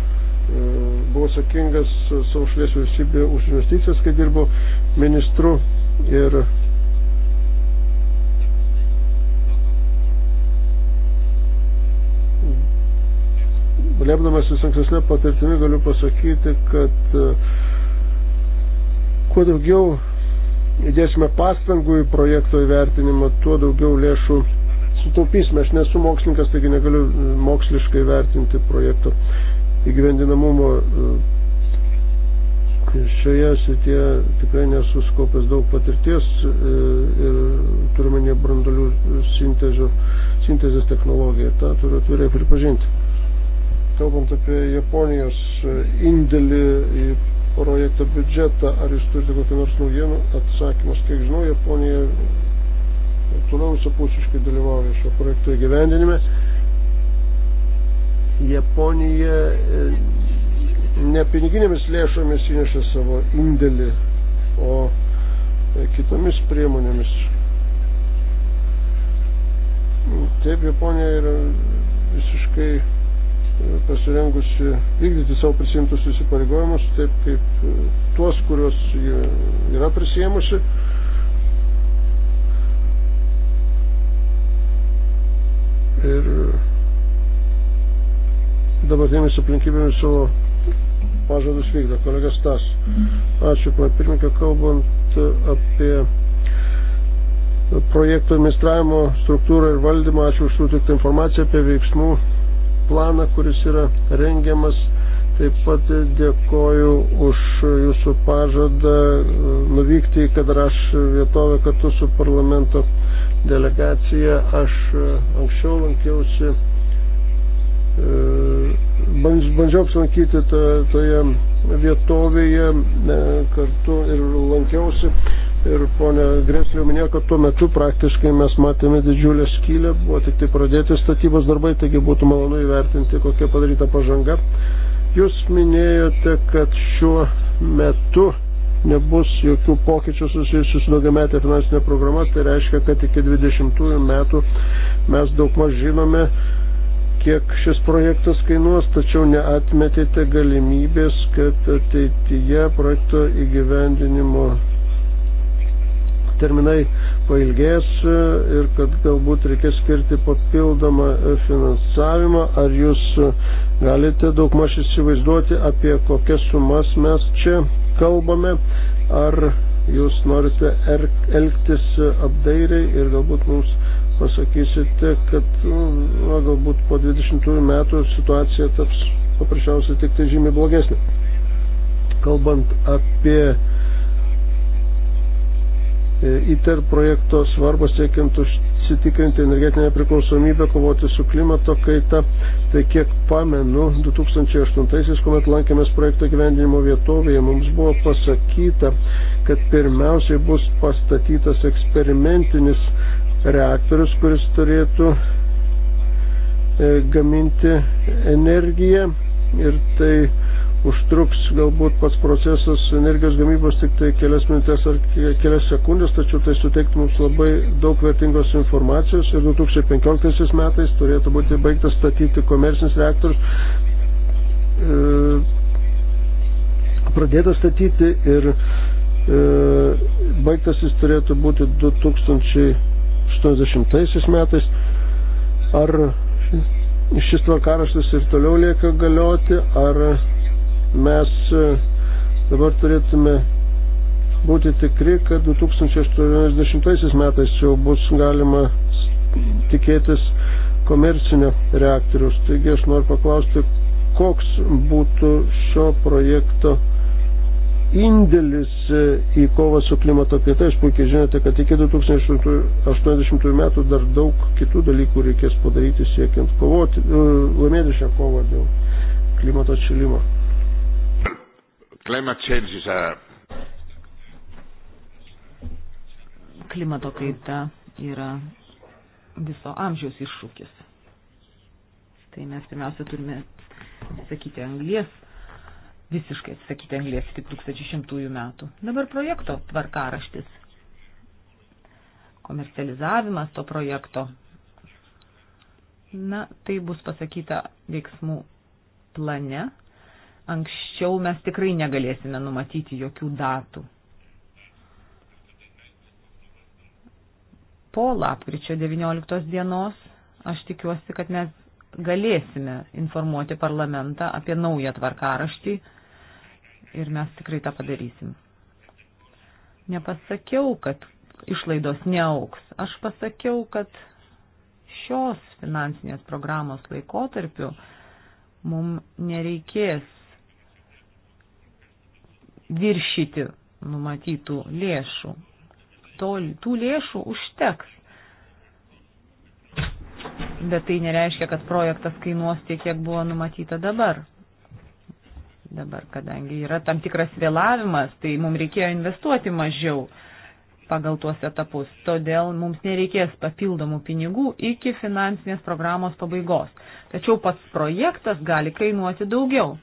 buvau atsakingas savo šalies vyriausybė už investicijas, kai dirbau ministru ir Lėpdamas vis ankstesnė patirtimi galiu pasakyti, kad e, kuo daugiau įdėsime pastangų į projekto įvertinimą, tuo daugiau lėšų sutaupysime. Aš nesu mokslininkas, taigi negaliu e, moksliškai vertinti projekto įgyvendinamumo. E, šioje srityje tikrai nesu skaupęs daug patirties e, ir turime ne brandolių sintezės technologiją. Ta turiu atvirai pripažinti. Kalbant apie Japonijos indėlį į projekto biudžetą, ar jūs turite kokią nors naujienų? Atsakymas, kiek žinau, Japonija ir toliau visapusiškai dalyvauja šio projekto įgyvendinime. Japonija e, ne piniginėmis lėšomis įneša savo indėlį, o e, kitomis priemonėmis. Taip, Japonija yra visiškai e, pasirengusi vykdyti savo prisimtus įsipareigojimus, taip kaip tuos, kuriuos yra prisėmusi ir e, dabartinėmis aplinkybėmis savo pažadus vykdo. Kolega Stas, ačiū, pana pirmininkė, kalbant apie projektų administravimo struktūrą ir valdymą, ačiū už sutiktą informaciją apie veiksmų planą, kuris yra rengiamas. Taip pat dėkoju už jūsų pažadą nuvykti į Kadraš vietovę kartu su parlamento delegaciją. Aš e, anksčiau lankiausi, e, bandžiau apsilankyti to, toje vietovėje e, kartu ir lankiausi. Ir ponia Greslė jau minėjo, kad tuo metu praktiškai mes matėme didžiulę skylę, buvo tik tai pradėti statybos darbai, taigi būtų malonu įvertinti, kokia padaryta pažanga. Jūs minėjote, kad šiuo metu nebus jokių pokyčių susijusių su daugiametė finansinė programa, tai reiškia, kad iki 20 metų mes daugmaž žinome, kiek šis projektas kainuos, tačiau neatmetėte galimybės, kad ateityje projekto įgyvendinimo terminai pailgės e, ir kad galbūt reikės skirti papildomą e, finansavimą. Ar jūs e, galite daugmaž įsivaizduoti, apie kokias sumas mes čia kalbame? Ar jūs norite er-, elgtis apdairiai ir galbūt mums pasakysite, kad nu, na, galbūt po 20 metų situacija taps paprasčiausiai tik tai žymiai blogesnė. Kalbant apie E, ITER projekto svarbą siekiant užsitikrinti energetinę priklausomybę, kovoti su klimato kaita. Tai kiek pamenu, 2008-aisiais, kuomet lankėmės projekto gyvendinimo vietovėje, mums buvo pasakyta, kad pirmiausiai bus pastatytas eksperimentinis reaktorius, kuris turėtų e, gaminti energiją ir tai užtruks galbūt pats procesas energijos gamybos tik tai kelias minutės ar kelias sekundės, tačiau tai suteiktų mums labai daug vertingos informacijos ir 2015 metais turėtų būti baigtas statyti komercinis reaktorius, e, pradėtas statyti ir e, baigtas jis turėtų būti 2080 metais. Ar šis tvarkaraštis ir toliau lieka galioti, ar mes e, dabar turėtume būti tikri, kad 2080 metais jau bus galima tikėtis komercinio reaktorius. Taigi aš noriu paklausti, koks būtų šio projekto indėlis e, į kovą su klimato kaita. Jūs puikiai žinote, kad iki 2080 metų dar daug kitų dalykų reikės padaryti siekiant kovoti, e, laimėti šią kovą dėl klimato atšilimo. Climate change is a klimato kaita yra viso amžiaus iššūkis. Tai mes pirmiausia turime atsakyti anglies, visiškai atsakyti anglies iki 2100 metų. Dabar projekto tvarkaraštis, komercializavimas to projekto. Na, tai bus pasakyta veiksmų plane. Anksčiau anksčiau mes tikrai negalėsime numatyti jokių datų. Po lapkričio 19 dienos aš tikiuosi, kad mes galėsime informuoti parlamentą apie naują tvarkaraštį ir mes tikrai tą padarysim. Nepasakiau, kad išlaidos neauks. Aš pasakiau, kad šios finansinės programos laikotarpiu mums nereikės viršyti numatytų lėšų. To, tų lėšų užteks. Bet tai nereiškia, kad projektas kainuos tiek, kiek buvo numatyta dabar. Dabar, kadangi yra tam tikras vėlavimas, tai mums reikėjo investuoti mažiau pagal tuos etapus. Todėl mums nereikės papildomų pinigų iki finansinės programos pabaigos. Tačiau pats projektas gali kainuoti daugiau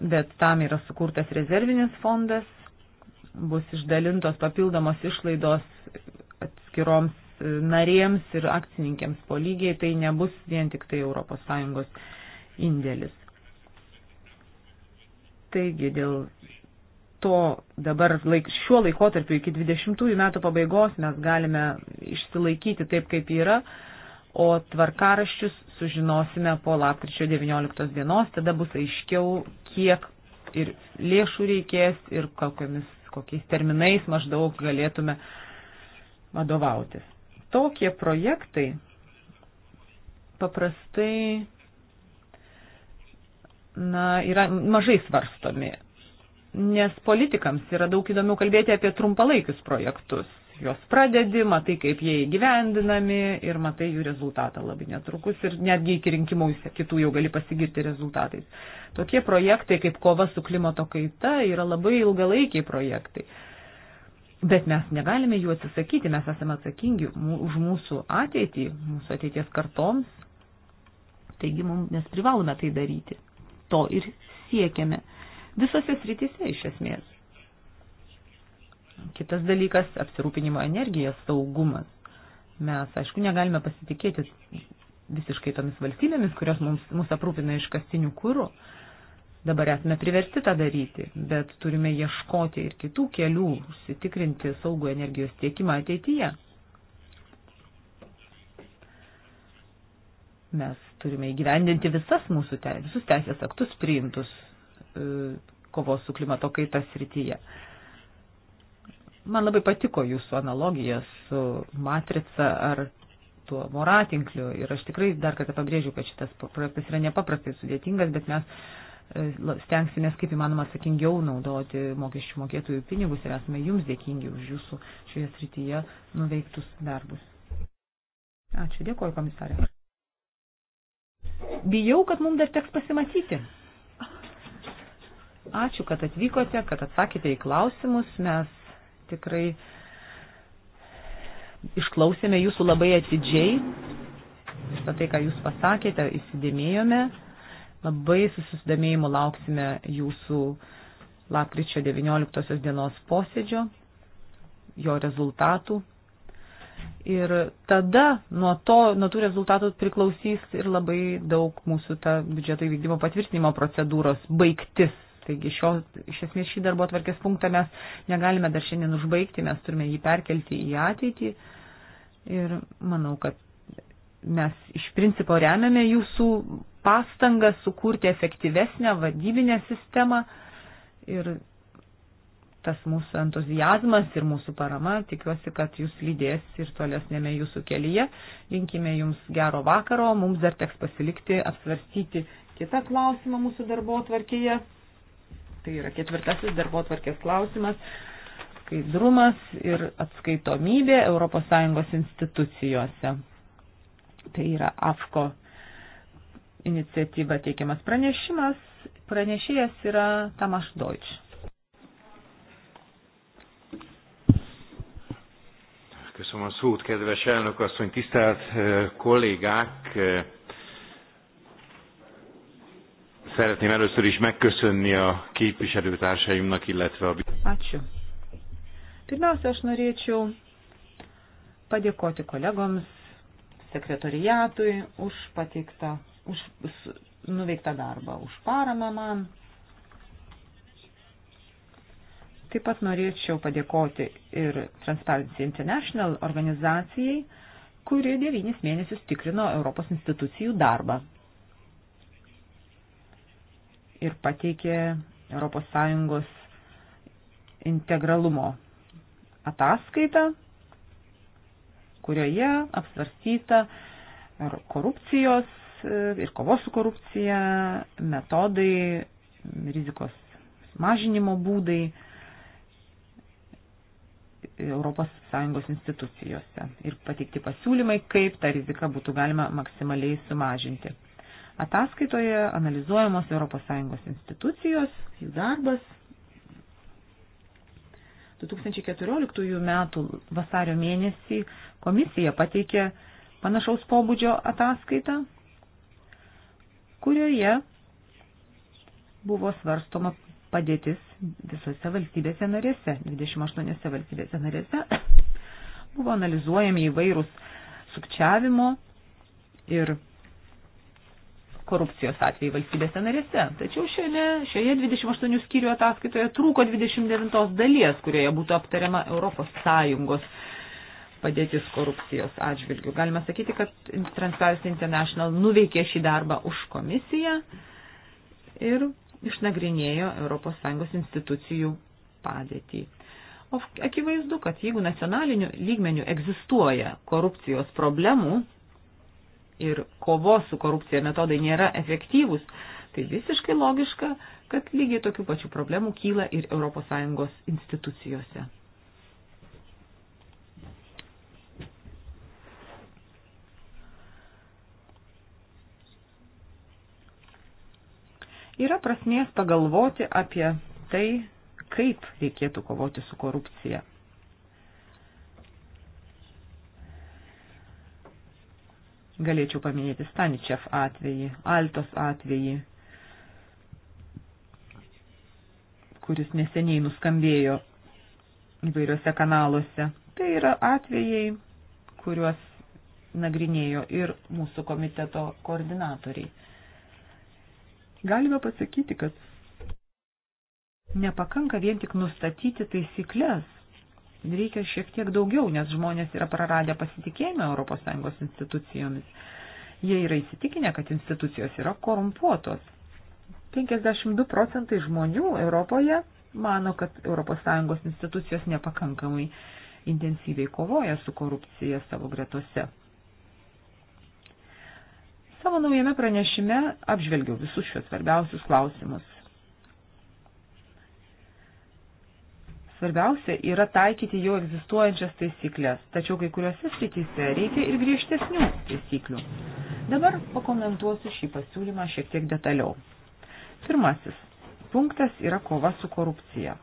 bet tam yra sukurtas rezervinis fondas, bus išdalintos papildomos išlaidos atskiroms e, narėms ir akcininkėms po lygiai, tai nebus vien tik tai ES indėlis. Taigi dėl to dabar laik, šiuo laikotarpiu iki 20 metų pabaigos mes galime išsilaikyti taip, kaip yra, o tvarkaraščius sužinosime po lapkričio 19 dienos, tada bus aiškiau, kiek ir lėšų reikės ir kokiamis, kokiais terminais maždaug galėtume vadovautis. Tokie projektai paprastai na, yra mažai svarstomi, nes politikams yra daug įdomiau kalbėti apie trumpalaikius projektus juos pradedi, matai, kaip jie įgyvendinami ir matai jų rezultatą labai netrukus ir netgi iki rinkimų kitų jau gali pasigirti rezultatais. Tokie projektai kaip kova su klimato kaita yra labai ilgalaikiai projektai. Bet mes negalime jų atsisakyti, mes esame atsakingi už mūsų ateitį, mūsų ateities kartoms. Taigi mums mes privalome tai daryti. To ir siekiame. Visose srityse iš esmės Kitas dalykas - apsirūpinimo energija, saugumas. Mes, aišku, negalime pasitikėti visiškai tomis valstybėmis, kurios mums, mus aprūpina iškastinių kūrų. Dabar esame priversti tą daryti, bet turime ieškoti ir kitų kelių, užsitikrinti saugų energijos tiekimą ateityje. Mes turime įgyvendinti visas mūsų te, visus teisės aktus priimtus e, kovos su klimato kaita srityje. E, Man labai patiko jūsų analogija su matrica ar tuo moratinkliu ir aš tikrai dar kartą pabrėžiu, kad šitas projektas yra nepaprastai sudėtingas, bet mes e, stengsimės kaip įmanoma atsakingiau naudoti mokesčių mokėtojų pinigus ir esame jums dėkingi už jūsų šioje srityje nuveiktus darbus. Ačiū, dėkoju komisarė. Bijau, kad mums dar teks pasimatyti. Ačiū, kad atvykote, kad atsakėte į klausimus. Mes tikrai išklausėme jūsų labai atidžiai. Visą tai, ką jūs pasakėte, įsidėmėjome. Labai susidomėjimu lauksime jūsų lapkričio 19 dienos posėdžio, jo rezultatų. Ir tada nuo, to, nuo tų rezultatų priklausys ir labai daug mūsų ta biudžeto įvykdymo patvirtinimo procedūros baigtis. Taigi šio, iš esmės šį darbo atvarkės punktą mes negalime dar šiandien užbaigti, mes turime jį perkelti į ateitį. Ir manau, kad mes iš principo remiame jūsų pastangą sukurti efektyvesnę vadybinę sistemą. Ir tas mūsų entuzijazmas ir mūsų parama, tikiuosi, kad jūs lydės ir tolesnėme jūsų kelyje. Linkime jums gero vakaro, mums dar teks pasilikti, apsvarstyti kitą klausimą mūsų darbo atvarkėje. Tai yra ketvirtasis darbo tvarkės klausimas - skaidrumas ir atskaitomybė ES institucijose. Tai yra AFKO iniciatyva teikiamas pranešimas. Pranešėjas yra Tamas Deutsch. Köszönöm a szót, kedves elnök asszony, tisztelt eh, kollégák! Eh, Szeretném először is megköszönni a képviselőtársaimnak, illetve a... Ačiū. Pirmiausia, aš norėčiau padėkoti kolegoms, sekretoriatui už pateiktą, už nuveiktą darbą, už paramą man. Taip pat norėčiau padėkoti ir Transparency International organizacijai, kuri devynis mėnesius tikrino Europos institucijų darbą ir pateikė ES integralumo ataskaitą, kurioje apsvarstyta korupcijos e, ir kovos su korupcija metodai, rizikos mažinimo būdai ES institucijose ir pateikti pasiūlymai, kaip tą riziką būtų galima maksimaliai sumažinti. Ataskaitoje analizuojamos ES institucijos, jų darbas. 2014 m. vasario mėnesį komisija pateikė panašaus pobūdžio ataskaitą, kurioje buvo svarstoma padėtis visose valstybėse narėse, 28 valstybėse narėse, buvo analizuojami įvairūs sukčiavimo ir korupcijos atvejai valstybėse narėse. Tačiau šiame, šioje 28 skyrių ataskaitoje trūko 29 dalies, kurioje būtų aptariama ES padėtis korupcijos atžvilgių. Galima sakyti, kad Transparency International nuveikė šį darbą už komisiją ir išnagrinėjo ES institucijų padėtį. O akivaizdu, kad jeigu nacionaliniu lygmeniu egzistuoja korupcijos problemų, ir kovos su korupcija metodai nėra efektyvūs, tai visiškai logiška, kad lygiai tokių pačių problemų kyla ir ES institucijose. Yra prasmės pagalvoti apie tai, kaip reikėtų kovoti su korupcija. Galėčiau paminėti Staničev atvejį, Altos atvejį, kuris neseniai nuskambėjo įvairiuose kanaluose. Tai yra atvejai, kuriuos nagrinėjo ir mūsų komiteto koordinatoriai. Galime pasakyti, kad nepakanka vien tik nustatyti taisyklės, reikia šiek tiek daugiau, nes žmonės yra praradę pasitikėjimą ES institucijomis. Jie yra įsitikinę, kad institucijos yra korumpuotos. 52 procentai žmonių Europoje mano, kad ES institucijos nepakankamai intensyviai kovoja su korupcija savo gretose. Savo naujame pranešime apžvelgiau visus šios svarbiausius klausimus. Svarbiausia yra taikyti jau egzistuojančias taisyklės, tačiau kai kuriuose srityse reikia ir griežtesnių taisyklių. Dabar pakomentuosiu šį pasiūlymą šiek tiek detaliau. Pirmasis punktas yra kova su korupcija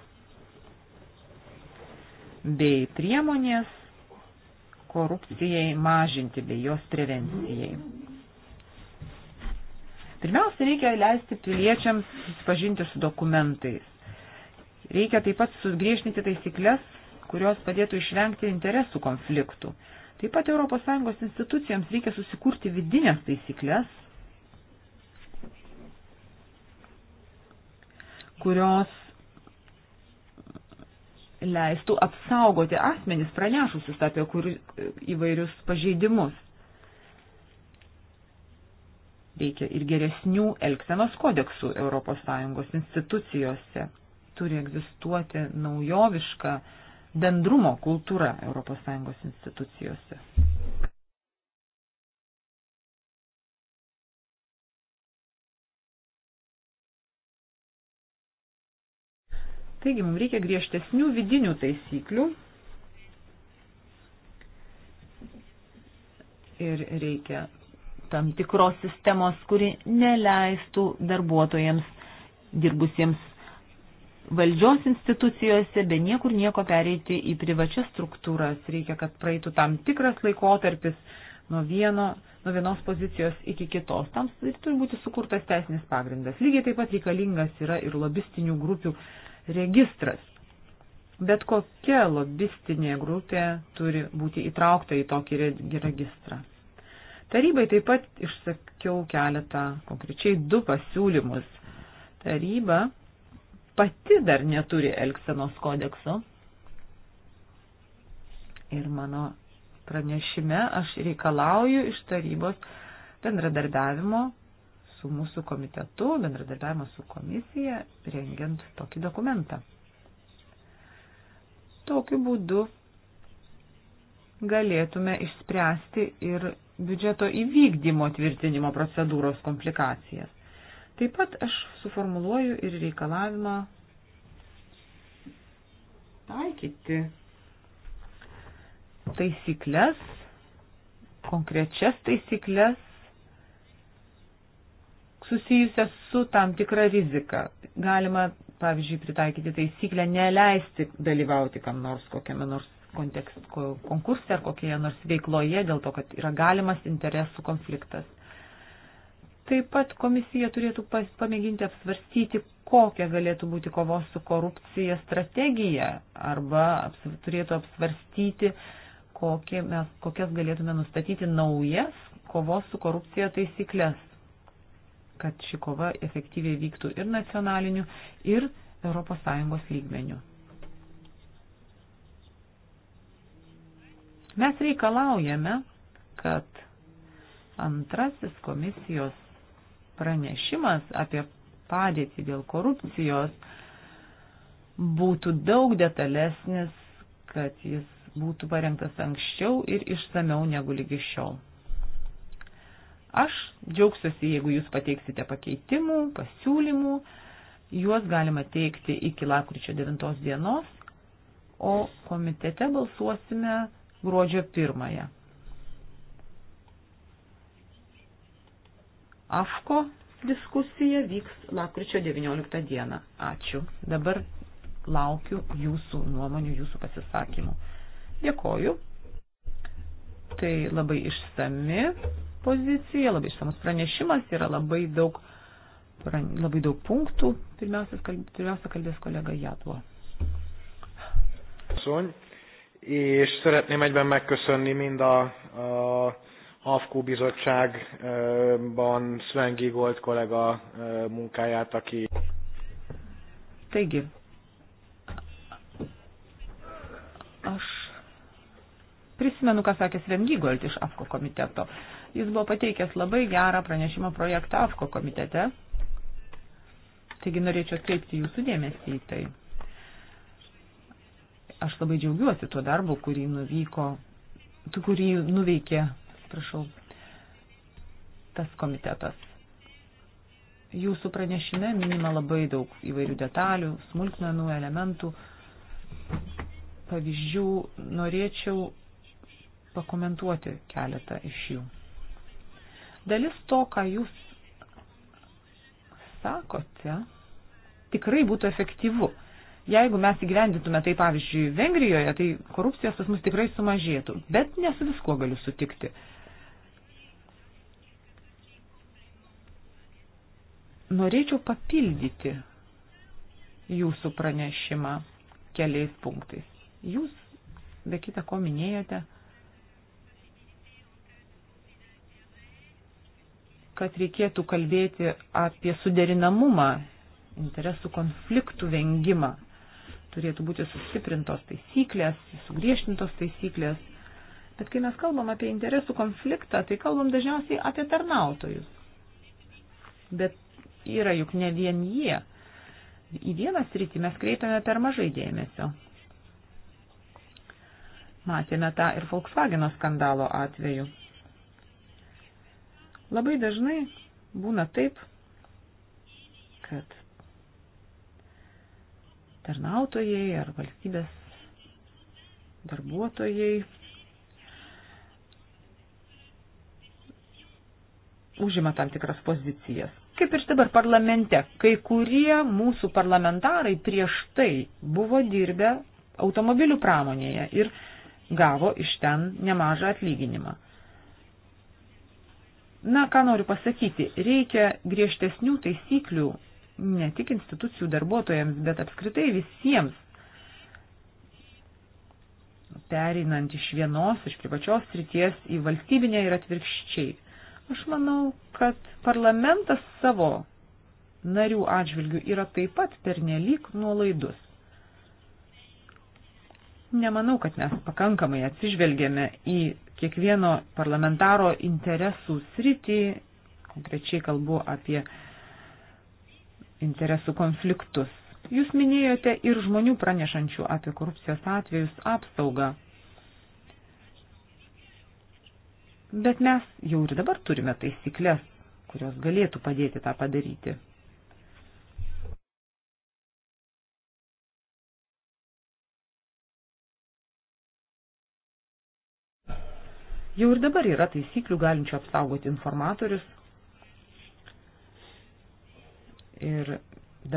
bei priemonės korupcijai mažinti bei jos prevencijai. Pirmiausia, reikia leisti piliečiams susipažinti su dokumentais Reikia taip pat sugriežtinti taisyklės, kurios padėtų išvengti interesų konfliktų. Taip pat ES institucijoms reikia susikurti vidinės taisyklės, kurios leistų apsaugoti asmenis pranešusius apie kur, įvairius pažeidimus. Reikia ir geresnių elksenos kodeksų ES institucijose turi egzistuoti naujoviška bendrumo kultūra ES institucijose. Taigi mums reikia griežtesnių vidinių taisyklių ir reikia tam tikros sistemos, kuri neleistų darbuotojams dirbusiems valdžios institucijose, be niekur nieko pereiti į privačias struktūras. Reikia, kad praeitų tam tikras laikotarpis nuo, vieno, nuo vienos pozicijos iki kitos. Tam ir turi būti sukurtas teisinis pagrindas. Lygiai taip pat reikalingas yra ir lobistinių grupių registras. Bet kokia lobistinė grupė turi būti įtraukta į tokį registrą. Tarybai taip pat išsakiau keletą, konkrečiai du pasiūlymus. Taryba pati dar neturi elgsenos kodekso. Ir mano pranešime aš reikalauju iš tarybos bendradarbiavimo su mūsų komitetu, bendradarbiavimo su komisija, rengiant tokį dokumentą. Tokiu būdu galėtume išspręsti ir biudžeto įvykdymo tvirtinimo procedūros komplikacijas. Taip pat aš suformuluoju ir reikalavimą taikyti taisyklės, konkrečias taisyklės susijusias su tam tikra rizika. Galima, pavyzdžiui, pritaikyti taisyklę neleisti dalyvauti kam nors kokiame nors kontekst, konkurse ar kokioje nors veikloje dėl to, kad yra galimas interesų konfliktas. Taip pat komisija turėtų pamėginti apsvarstyti, kokia galėtų būti kovos su korupcija strategija arba aps, turėtų apsvarstyti, kokie mes, kokias galėtume nustatyti naujas kovos su korupcija taisyklės, kad ši kova efektyviai vyktų ir nacionaliniu, ir ES lygmeniu. Mes reikalaujame, kad antrasis komisijos pranešimas apie padėtį dėl korupcijos būtų daug detalesnis, kad jis būtų parengtas anksčiau ir išsameu negu lygi šiol. Aš džiaugsiuosi, jeigu jūs pateiksite pakeitimų, pasiūlymų, juos galima teikti iki lakryčio 9 dienos, o komitete balsuosime gruodžio 1. AFKO diskusija vyks lapkričio 19 dieną. Ačiū. Dabar laukiu jūsų nuomonių, jūsų pasisakymų. Dėkoju. Tai labai išsami pozicija, labai išsamus pranešimas, yra labai daug, labai daug punktų. Pirmiausia, pirmiausia kalbės kolega Jatvo. Szony, és szeretném egyben megköszönni mind a, a AFKU bizottságban Sven Gigolt kollega munkáját, aki... Taigi, aš prisimenu, ką sakė Sven Gigolt iš AFKO komiteto. Jis buvo pateikęs labai gerą pranešimo projektą AFKO komitete. Taigi norėčiau atkreipti jūsų dėmesį į tai. Aš labai džiaugiuosi tuo darbu, kurį nuvyko, kurį nuveikė atsiprašau, tas komitetas. Jūsų pranešime minima labai daug įvairių detalių, smulkmenų, elementų, pavyzdžių. Norėčiau pakomentuoti keletą iš jų. Dalis to, ką jūs sakote, tikrai būtų efektyvu jeigu mes įgyvendintume tai pavyzdžiui Vengrijoje, tai korupcijos pas mus tikrai sumažėtų. Bet ne su viskuo galiu sutikti. Norėčiau papildyti jūsų pranešimą keliais punktais. Jūs, be kita ko, minėjote, kad reikėtų kalbėti apie suderinamumą, interesų konfliktų vengimą. Turėtų būti sustiprintos taisyklės, sugriešintos taisyklės. Bet kai mes kalbam apie interesų konfliktą, tai kalbam dažniausiai apie tarnautojus. Bet yra juk ne vien jie. Į vieną sritį mes kreipiame per mažai dėmesio. Matėme tą ir Volkswagen skandalo atveju. Labai dažnai būna taip, kad tarnautojai ar valstybės darbuotojai užima tam tikras pozicijas. Kaip ir dabar parlamente, kai kurie mūsų parlamentarai prieš tai buvo dirbę automobilių pramonėje ir gavo iš ten nemažą atlyginimą. Na, ką noriu pasakyti, reikia griežtesnių taisyklių ne tik institucijų darbuotojams, bet apskritai visiems. Pereinant iš vienos, iš privačios srities į valstybinę ir atvirkščiai. Aš manau, kad parlamentas savo narių atžvilgių yra taip pat pernelyg nuolaidus. Nemanau, kad mes pakankamai atsižvelgėme į kiekvieno parlamentaro interesų sritį, konkrečiai kalbu apie interesų konfliktus. Jūs minėjote ir žmonių pranešančių apie korupcijos atvejus apsaugą. Bet mes jau ir dabar turime taisyklės, kurios galėtų padėti tą padaryti. Jau ir dabar yra taisyklių galinčių apsaugoti informatorius. Ir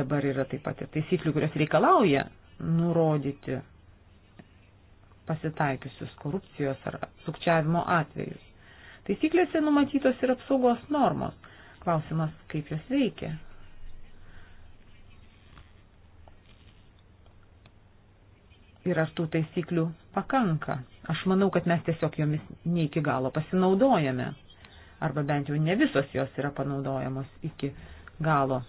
dabar yra taip pat ir taisyklių, kurios reikalauja nurodyti pasitaikiusius korupcijos ar sukčiavimo atvejus. Taisyklėse numatytos ir apsaugos normos. Klausimas, kaip jos veikia. Ir ar tų taisyklių pakanka? Aš manau, kad mes tiesiog jomis ne iki galo pasinaudojame. Arba bent jau ne visos jos yra panaudojamos iki galo.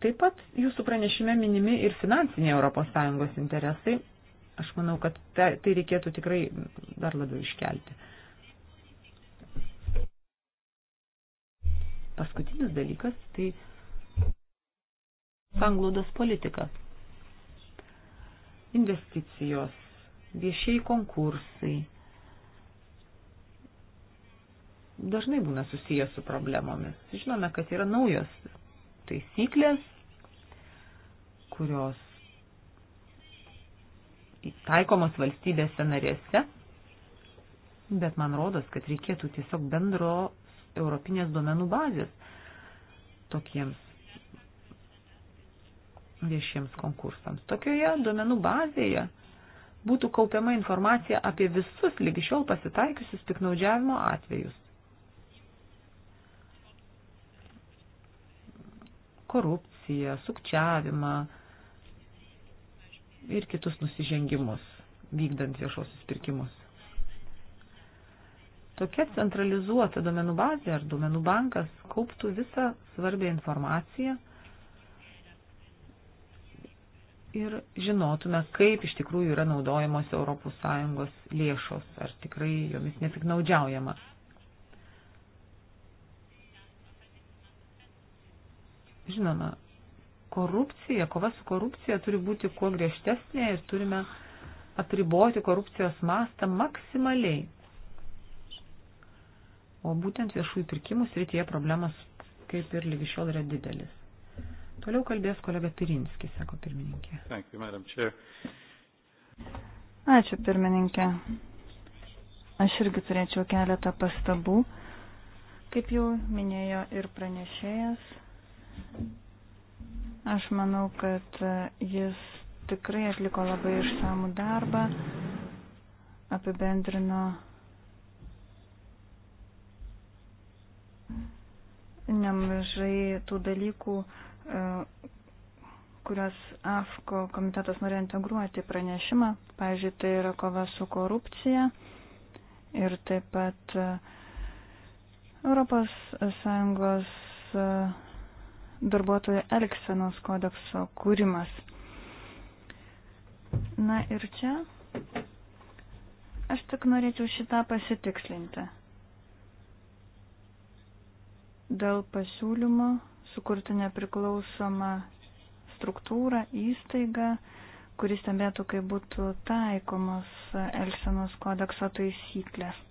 Taip pat jūsų pranešime minimi ir finansiniai ES interesai. Aš manau, kad tai reikėtų tikrai dar labiau iškelti. Paskutinis dalykas - tai sanglaudos politika. Investicijos, viešiai konkursai dažnai būna susijęs su problemomis. Žinome, kad yra naujos taisyklės, kurios taikomos valstybėse narėse, bet man rodos, kad reikėtų tiesiog bendro europinės duomenų bazės tokiems viešiems konkursams. Tokioje duomenų bazėje būtų kaupiama informacija apie visus lygi šiol pasitaikiusius piknaudžiavimo atvejus. korupciją, sukčiavimą ir kitus nusižengimus vykdant viešosius pirkimus. Tokia centralizuota duomenų bazė ar duomenų bankas kauptų visą svarbę informaciją ir žinotume, kaip iš tikrųjų yra naudojamos ES lėšos, ar tikrai jomis nepiknaudžiaujama. Žinoma, korupcija, kova su korupcija turi būti kuo griežtesnė ir turime apriboti korupcijos mastą maksimaliai. O būtent viešųjų pirkimų srityje problemas kaip ir lygi šiol yra didelis. Toliau kalbės kolega Pirinski, sako pirmininkė. Thank you, Madam Chair. Ačiū, pirmininkė. Aš irgi turėčiau keletą pastabų. Kaip jau minėjo ir pranešėjas, Aš manau, kad e, jis tikrai atliko labai išsamų darbą, apibendrino nemažai tų dalykų, e, kurios AFKO komitetas norėjo integruoti pranešimą. Pavyzdžiui, tai yra kova su korupcija ir taip pat ES darbuotojų elgsenos kodekso kūrimas. Na ir čia aš tik norėčiau šitą pasitikslinti. Dėl pasiūlymo sukurti nepriklausomą struktūrą, įstaigą, kuris stebėtų, kaip būtų taikomos Elsenos kodekso taisyklės.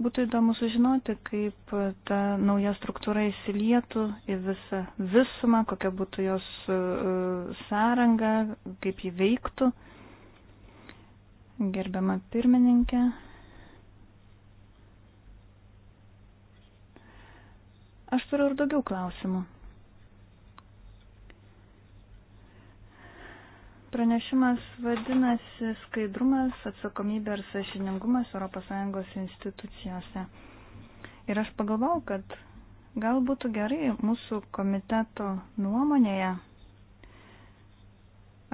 Būtų įdomu sužinoti, kaip ta nauja struktūra įsilietų į visą visumą, kokia būtų jos e, sąranga, kaip ji veiktų. Gerbiama pirmininkė. Aš turiu ir daugiau klausimų. Pranešimas vadinasi skaidrumas, atsakomybė ir sažiningumas ES institucijose. Ir aš pagalvau, kad gal būtų gerai mūsų komiteto nuomonėje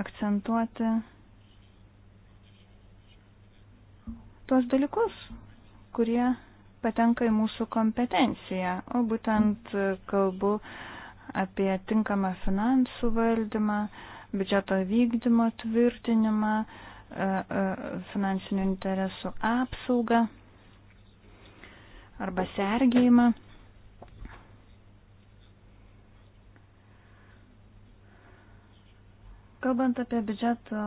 akcentuoti tuos dalykus, kurie patenka į mūsų kompetenciją, o būtent kalbu apie tinkamą finansų valdymą, biudžeto vykdymo tvirtinimą, e, e, finansinių interesų apsaugą arba sergėjimą. Kalbant apie biudžeto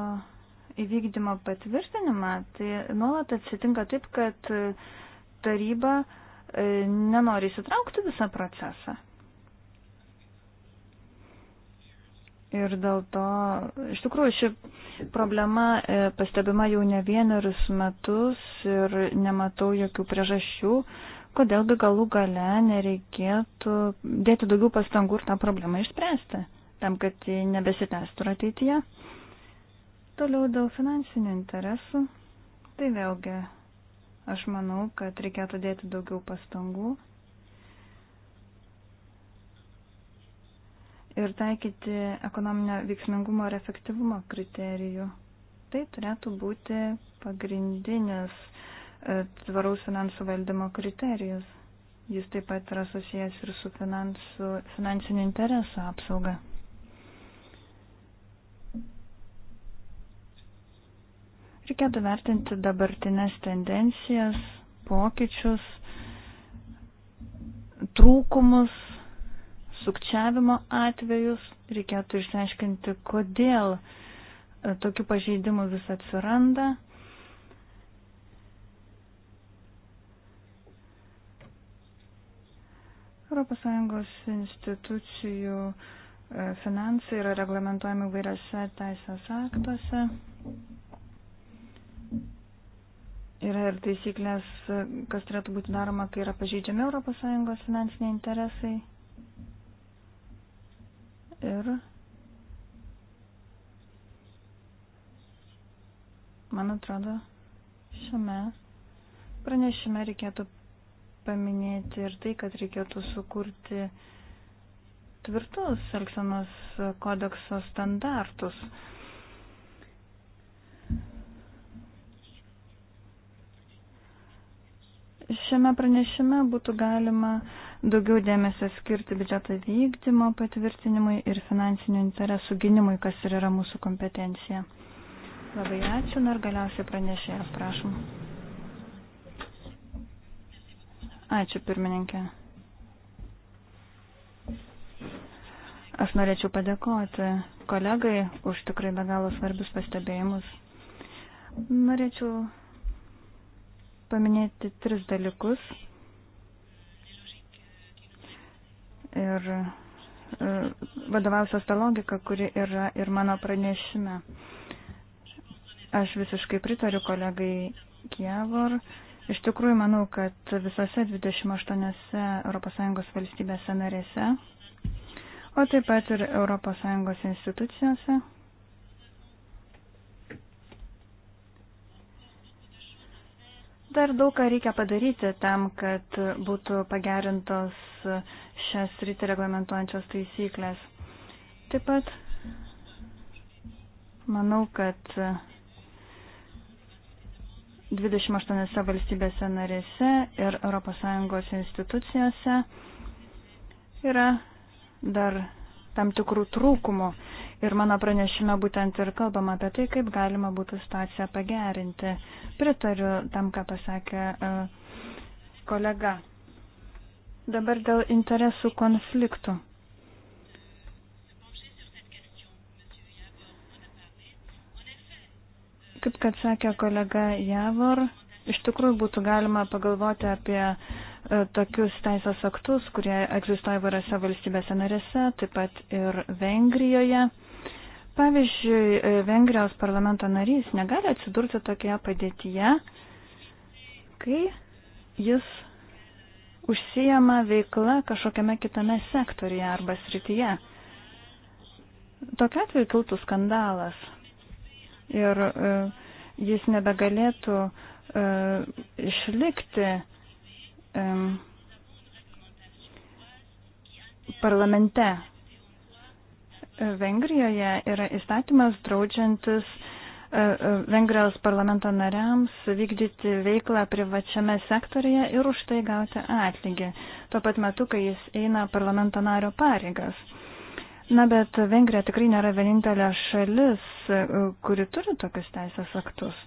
įvykdymo patvirtinimą, tai nuolat atsitinka taip, kad taryba e, nenori įsitraukti visą procesą. Ir dėl to, iš tikrųjų, ši problema e, pastebima jau ne vienerius metus ir nematau jokių priežasčių, kodėlgi galų gale nereikėtų dėti daugiau pastangų ir tą problemą išspręsti, tam, kad ji nebesitęstų ir ateityje. Toliau dėl finansinių interesų. Tai vėlgi, aš manau, kad reikėtų dėti daugiau pastangų ir taikyti ekonominio veiksmingumo ir efektyvumo kriterijų. Tai turėtų būti pagrindinis e, tvaraus finansų valdymo kriterijus. Jis taip pat yra susijęs ir su finansų, finansinių interesų apsauga. Reikėtų vertinti dabartinės tendencijas, pokyčius, trūkumus sukčiavimo atvejus, reikėtų išsiaiškinti, kodėl e, tokių pažeidimų vis atsiranda. ES institucijų e, finansai yra reglamentuojami vairiose teisės aktuose. Yra ir taisyklės, kas turėtų būti daroma, kai yra pažydžiami ES finansiniai interesai ir man atrodo šiame pranešime reikėtų paminėti ir tai, kad reikėtų sukurti tvirtus elgsenos kodekso standartus. šiame pranešime būtų galima daugiau dėmesio skirti biudžeto vykdymo patvirtinimui ir finansinių interesų gynimui, kas ir yra mūsų kompetencija. Labai ačiū, nors galiausiai pranešėjas, prašom. Ačiū, pirmininkė. Aš norėčiau padėkoti kolegai už tikrai be galo svarbius pastebėjimus. Norėčiau paminėti tris dalykus. Ir e, vadovausios tą logiką, kuri yra ir mano pranešime. Aš visiškai pritariu kolegai Kievor. Iš tikrųjų, manau, kad visose 28 ES valstybėse narėse, o taip pat ir ES institucijose Dar daug ką reikia padaryti tam, kad būtų pagerintos šias rytį reglamentuojančios taisyklės. Taip pat manau, kad 28 valstybėse narėse ir ES institucijose yra dar tam tikrų trūkumų. Ir mano pranešime būtent ir kalbama apie tai, kaip galima būtų situaciją pagerinti. Pritariu tam, ką pasakė e, kolega. Dabar dėl interesų konfliktų. Kaip kad sakė kolega Javor, iš tikrųjų būtų galima pagalvoti apie e, tokius teisės aktus, kurie egzistuoja įvairiose valstybėse narėse, taip pat ir Vengrijoje pavyzdžiui, e, Vengrijos parlamento narys negali atsidurti tokioje padėtyje, kai jis užsijama veikla kažkokiame kitame sektorije arba srityje. Tokia atveju kiltų skandalas ir e, jis nebegalėtų e, išlikti e, parlamente. Vengrijoje yra įstatymas draudžiantis e, e, Vengrijos parlamento nariams vykdyti veiklą privačiame sektorija ir už tai gauti atlygį, tuo pat metu, kai jis eina parlamento nario pareigas. Na, bet Vengrija tikrai nėra vienintelė šalis, e, kuri turi tokius teisės aktus.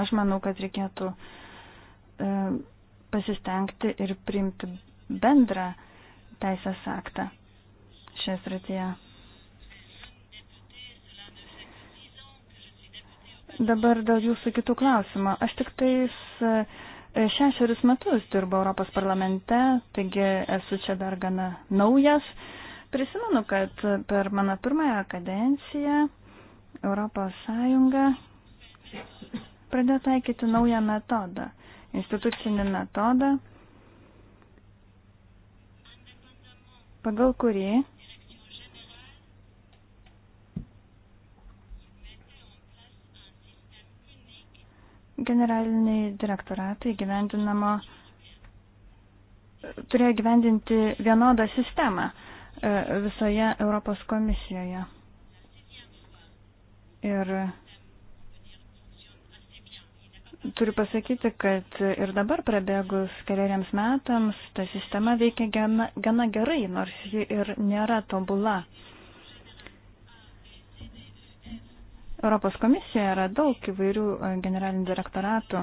Aš manau, kad reikėtų pasistengti ir priimti bendrą teisės aktą šioje srityje. Dabar dėl jūsų kitų klausimų. Aš tik tais e, šešerius metus dirbu Europos parlamente, taigi esu čia dar gana naujas. Prisimenu, kad per mano pirmąją kadenciją Europos Sąjunga pradėjo taikyti naują metodą, institucinį metodą, pagal kurį generaliniai direktoratai gyvendinamo turėjo gyvendinti vienodą sistemą e, visoje Europos komisijoje. Ir turiu pasakyti, kad ir dabar prabėgus keliariams metams ta sistema veikia gana, gana gerai, nors ji ir nėra tobula. Europos komisijoje yra daug įvairių e, generalinių direktoratų.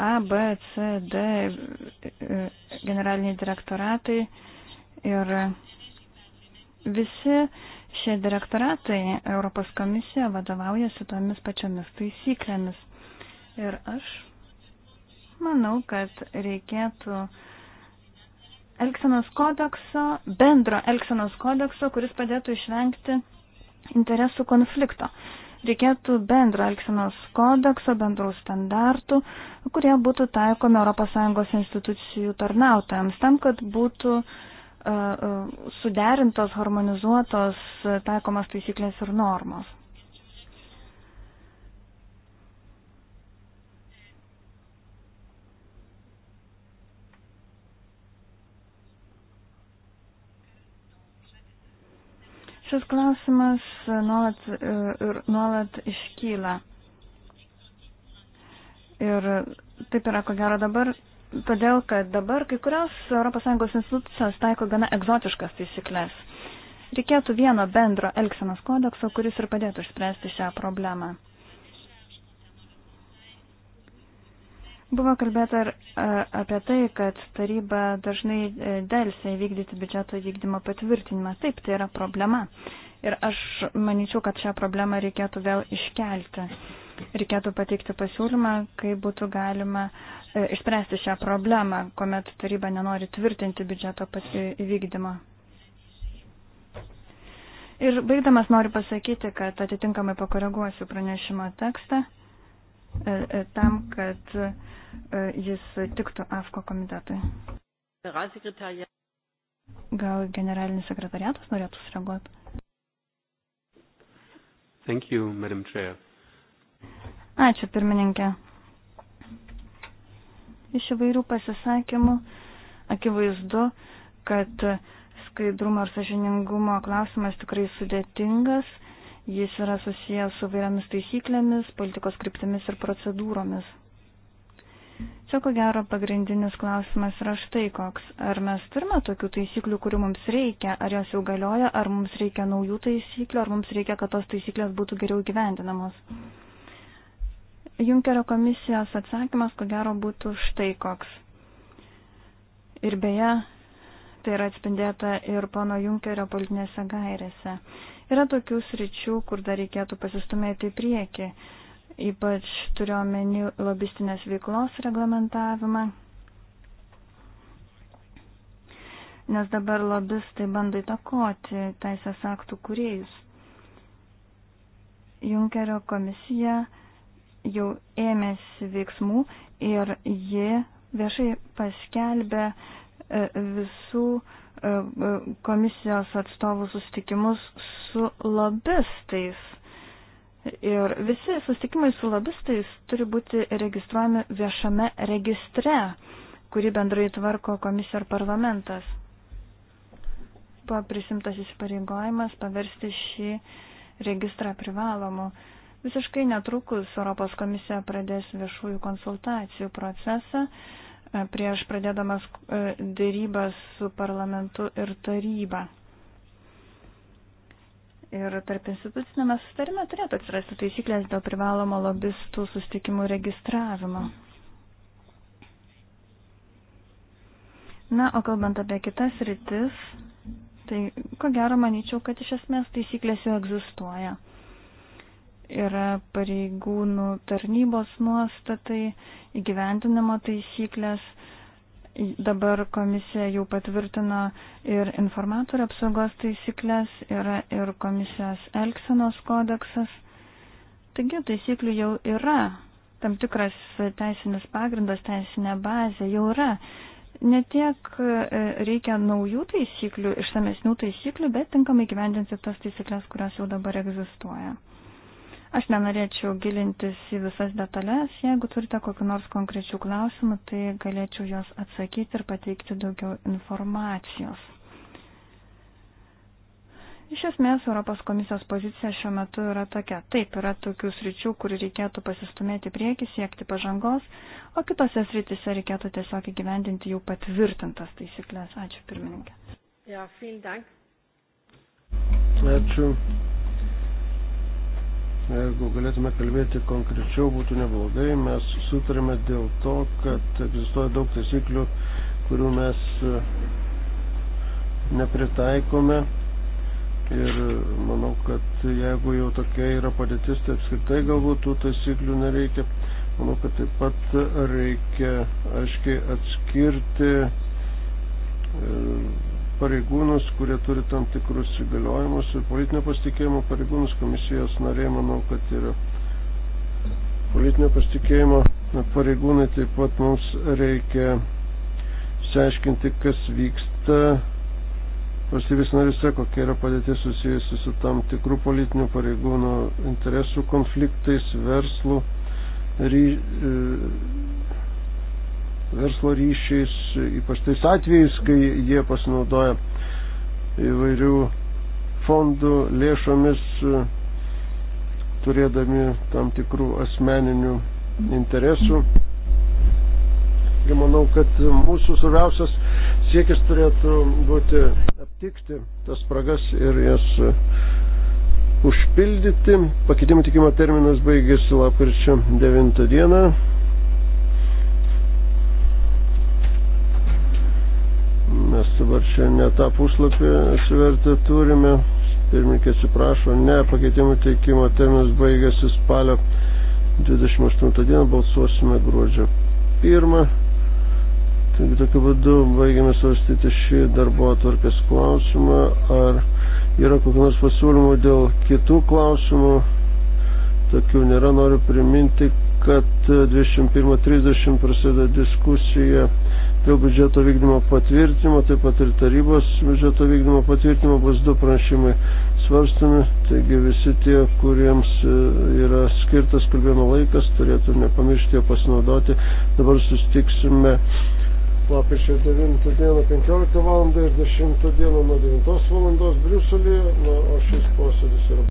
A, B, C, D e, generaliniai direktoratai ir visi šie direktoratai Europos komisija vadovaujasi tomis pačiomis taisyklėmis. Ir aš manau, kad reikėtų Elksenos kodekso, bendro Elksenos kodekso, kuris padėtų išvengti interesų konflikto. Reikėtų bendro Elksenos kodekso, bendrų standartų, kurie būtų taikomi ES institucijų tarnautojams, tam, kad būtų uh, suderintos, harmonizuotos taikomos taisyklės ir normos. Šis klausimas nuolat, e, nuolat iškyla. Ir taip yra, ko gero, dabar, todėl, kad dabar kai kurios ES institucijos taiko gana egzotiškas taisyklės. Reikėtų vieno bendro elgsenos kodekso, kuris ir padėtų išspręsti šią problemą. Buvo kalbėta ir e, apie tai, kad taryba dažnai e, dėlsia įvykdyti biudžeto vykdymo patvirtinimą. Taip, tai yra problema. Ir aš manyčiau, kad šią problemą reikėtų vėl iškelti. Reikėtų pateikti pasiūlymą, kaip būtų galima e, išspręsti šią problemą, kuomet taryba nenori tvirtinti biudžeto įvykdymo. Ir baigdamas noriu pasakyti, kad atitinkamai pakoreguosiu pranešimo tekstą tam, kad E, jis tiktų AFKO komitetui. Gal generalinis sekretariatas norėtų sureaguoti? Thank you, Madam Chair. Ačiū, pirmininkė. Iš įvairių pasisakymų akivaizdu, kad skaidrumo ir sažiningumo klausimas tikrai sudėtingas. Jis yra susijęs su vairiomis taisyklėmis, politikos kryptimis ir procedūromis. Čia ko gero pagrindinis klausimas yra štai koks. Ar mes turime tokių taisyklių, kurių mums reikia, ar jos jau galioja, ar mums reikia naujų taisyklių, ar mums reikia, kad tos taisyklės būtų geriau gyvendinamos. Junkerio komisijos atsakymas ko gero būtų štai koks. Ir beje, tai yra atspindėta ir pono Junkerio politinėse gairėse. Yra tokių sričių, kur dar reikėtų pasistumėti į priekį ypač turiuomenį lobistinės veiklos reglamentavimą, nes dabar lobistai bando įtakoti teisės aktų kuriejus. Junkerio komisija jau ėmėsi veiksmų ir ji viešai paskelbė e, visų e, e, komisijos atstovų susitikimus su lobistais Ir visi susitikimai su lobistais turi būti registruojami viešame registre, kurį bendrai tvarko komisija ar parlamentas. Buvo prisimtas įsipareigojimas paversti šį registrą privalomu. Visiškai netrukus Europos komisija pradės viešųjų konsultacijų procesą e, prieš pradėdamas e, dėrybas su parlamentu ir taryba. Ir tarp institucinėme sustarime turėtų atsirasti taisyklės dėl privalomo lobistų sustikimų registravimo. Na, o kalbant apie kitas rytis, tai ko gero manyčiau, kad iš esmės taisyklės jau egzistuoja. Yra pareigūnų tarnybos nuostatai, įgyventinimo taisyklės, Dabar komisija jau patvirtino ir informatorių apsaugos taisyklės, yra ir komisijos elksenos kodeksas. Taigi taisyklių jau yra, tam tikras teisinis pagrindas, teisinė bazė jau yra. Ne tiek e, reikia naujų taisyklių, išsamesnių taisyklių, bet tinkamai gyvendinti tas taisyklės, kurios jau dabar egzistuoja. Aš nenorėčiau gilintis į visas detalės. Jeigu turite kokiu nors konkrečių klausimų, tai galėčiau juos atsakyti ir pateikti daugiau informacijos. Iš esmės, Europos komisijos pozicija šiuo metu yra tokia. Taip, yra tokių sričių, kur reikėtų pasistumėti prieki, siekti pažangos, o kitose srityse reikėtų tiesiog įgyvendinti jau patvirtintas taisyklės. Ačiū pirmininkė. Ja, Ačiū. Jeigu galėtume kalbėti konkrečiau, būtų neblogai. Mes sutarėme dėl to, kad egzistuoja daug taisyklių, kurių mes e, nepritaikome. Ir manau, kad jeigu jau tokia yra padėtis, tai apskritai galbūt tų taisyklių nereikia. Manau, kad taip pat reikia aiškiai atskirti e, pareigūnus, kurie turi tam tikrus įgaliojimus ir politinio pasitikėjimo pareigūnus komisijos nariai, manau, kad yra politinio pasitikėjimo pareigūnai, taip pat mums reikia seiškinti, kas vyksta valstybės narise, kokia yra padėtis susijusi su tam tikrų politinių pareigūnų interesų konfliktais, verslų, ry, e, verslo ryšiais, ypač tais atvejais, kai jie pasinaudoja įvairių fondų lėšomis, turėdami tam tikrų asmeninių interesų. Ir manau, kad mūsų svarbiausias siekis turėtų būti aptikti tas spragas ir jas užpildyti. Pakeitimų tikimo terminas baigėsi lapkričio 9 dieną. Mes dabar čia ne tą puslapį atsivertę turime. Pirmininkė atsiprašo, ne, pakeitimų teikimo terminas baigėsi spalio 28 dieną, balsuosime gruodžio 1. Taigi tokiu būdu baigėme svarstyti šį darbo atvarkės klausimą. Ar yra kokių nors pasiūlymų dėl kitų klausimų? Tokių nėra, noriu priminti, kad 21.30 e, prasideda diskusija dėl biudžeto vykdymo patvirtinimo, taip pat ir tarybos biudžeto vykdymo patvirtinimo bus du pranešimai svarstami, taigi visi tie, kuriems e, yra skirtas kalbėjimo laikas, turėtų nepamiršti jo pasinaudoti. Dabar sustiksime lapkričio 9 dieną 15 val. ir 10 dieną nuo 9 val. Briuselėje, o šis posėdis yra.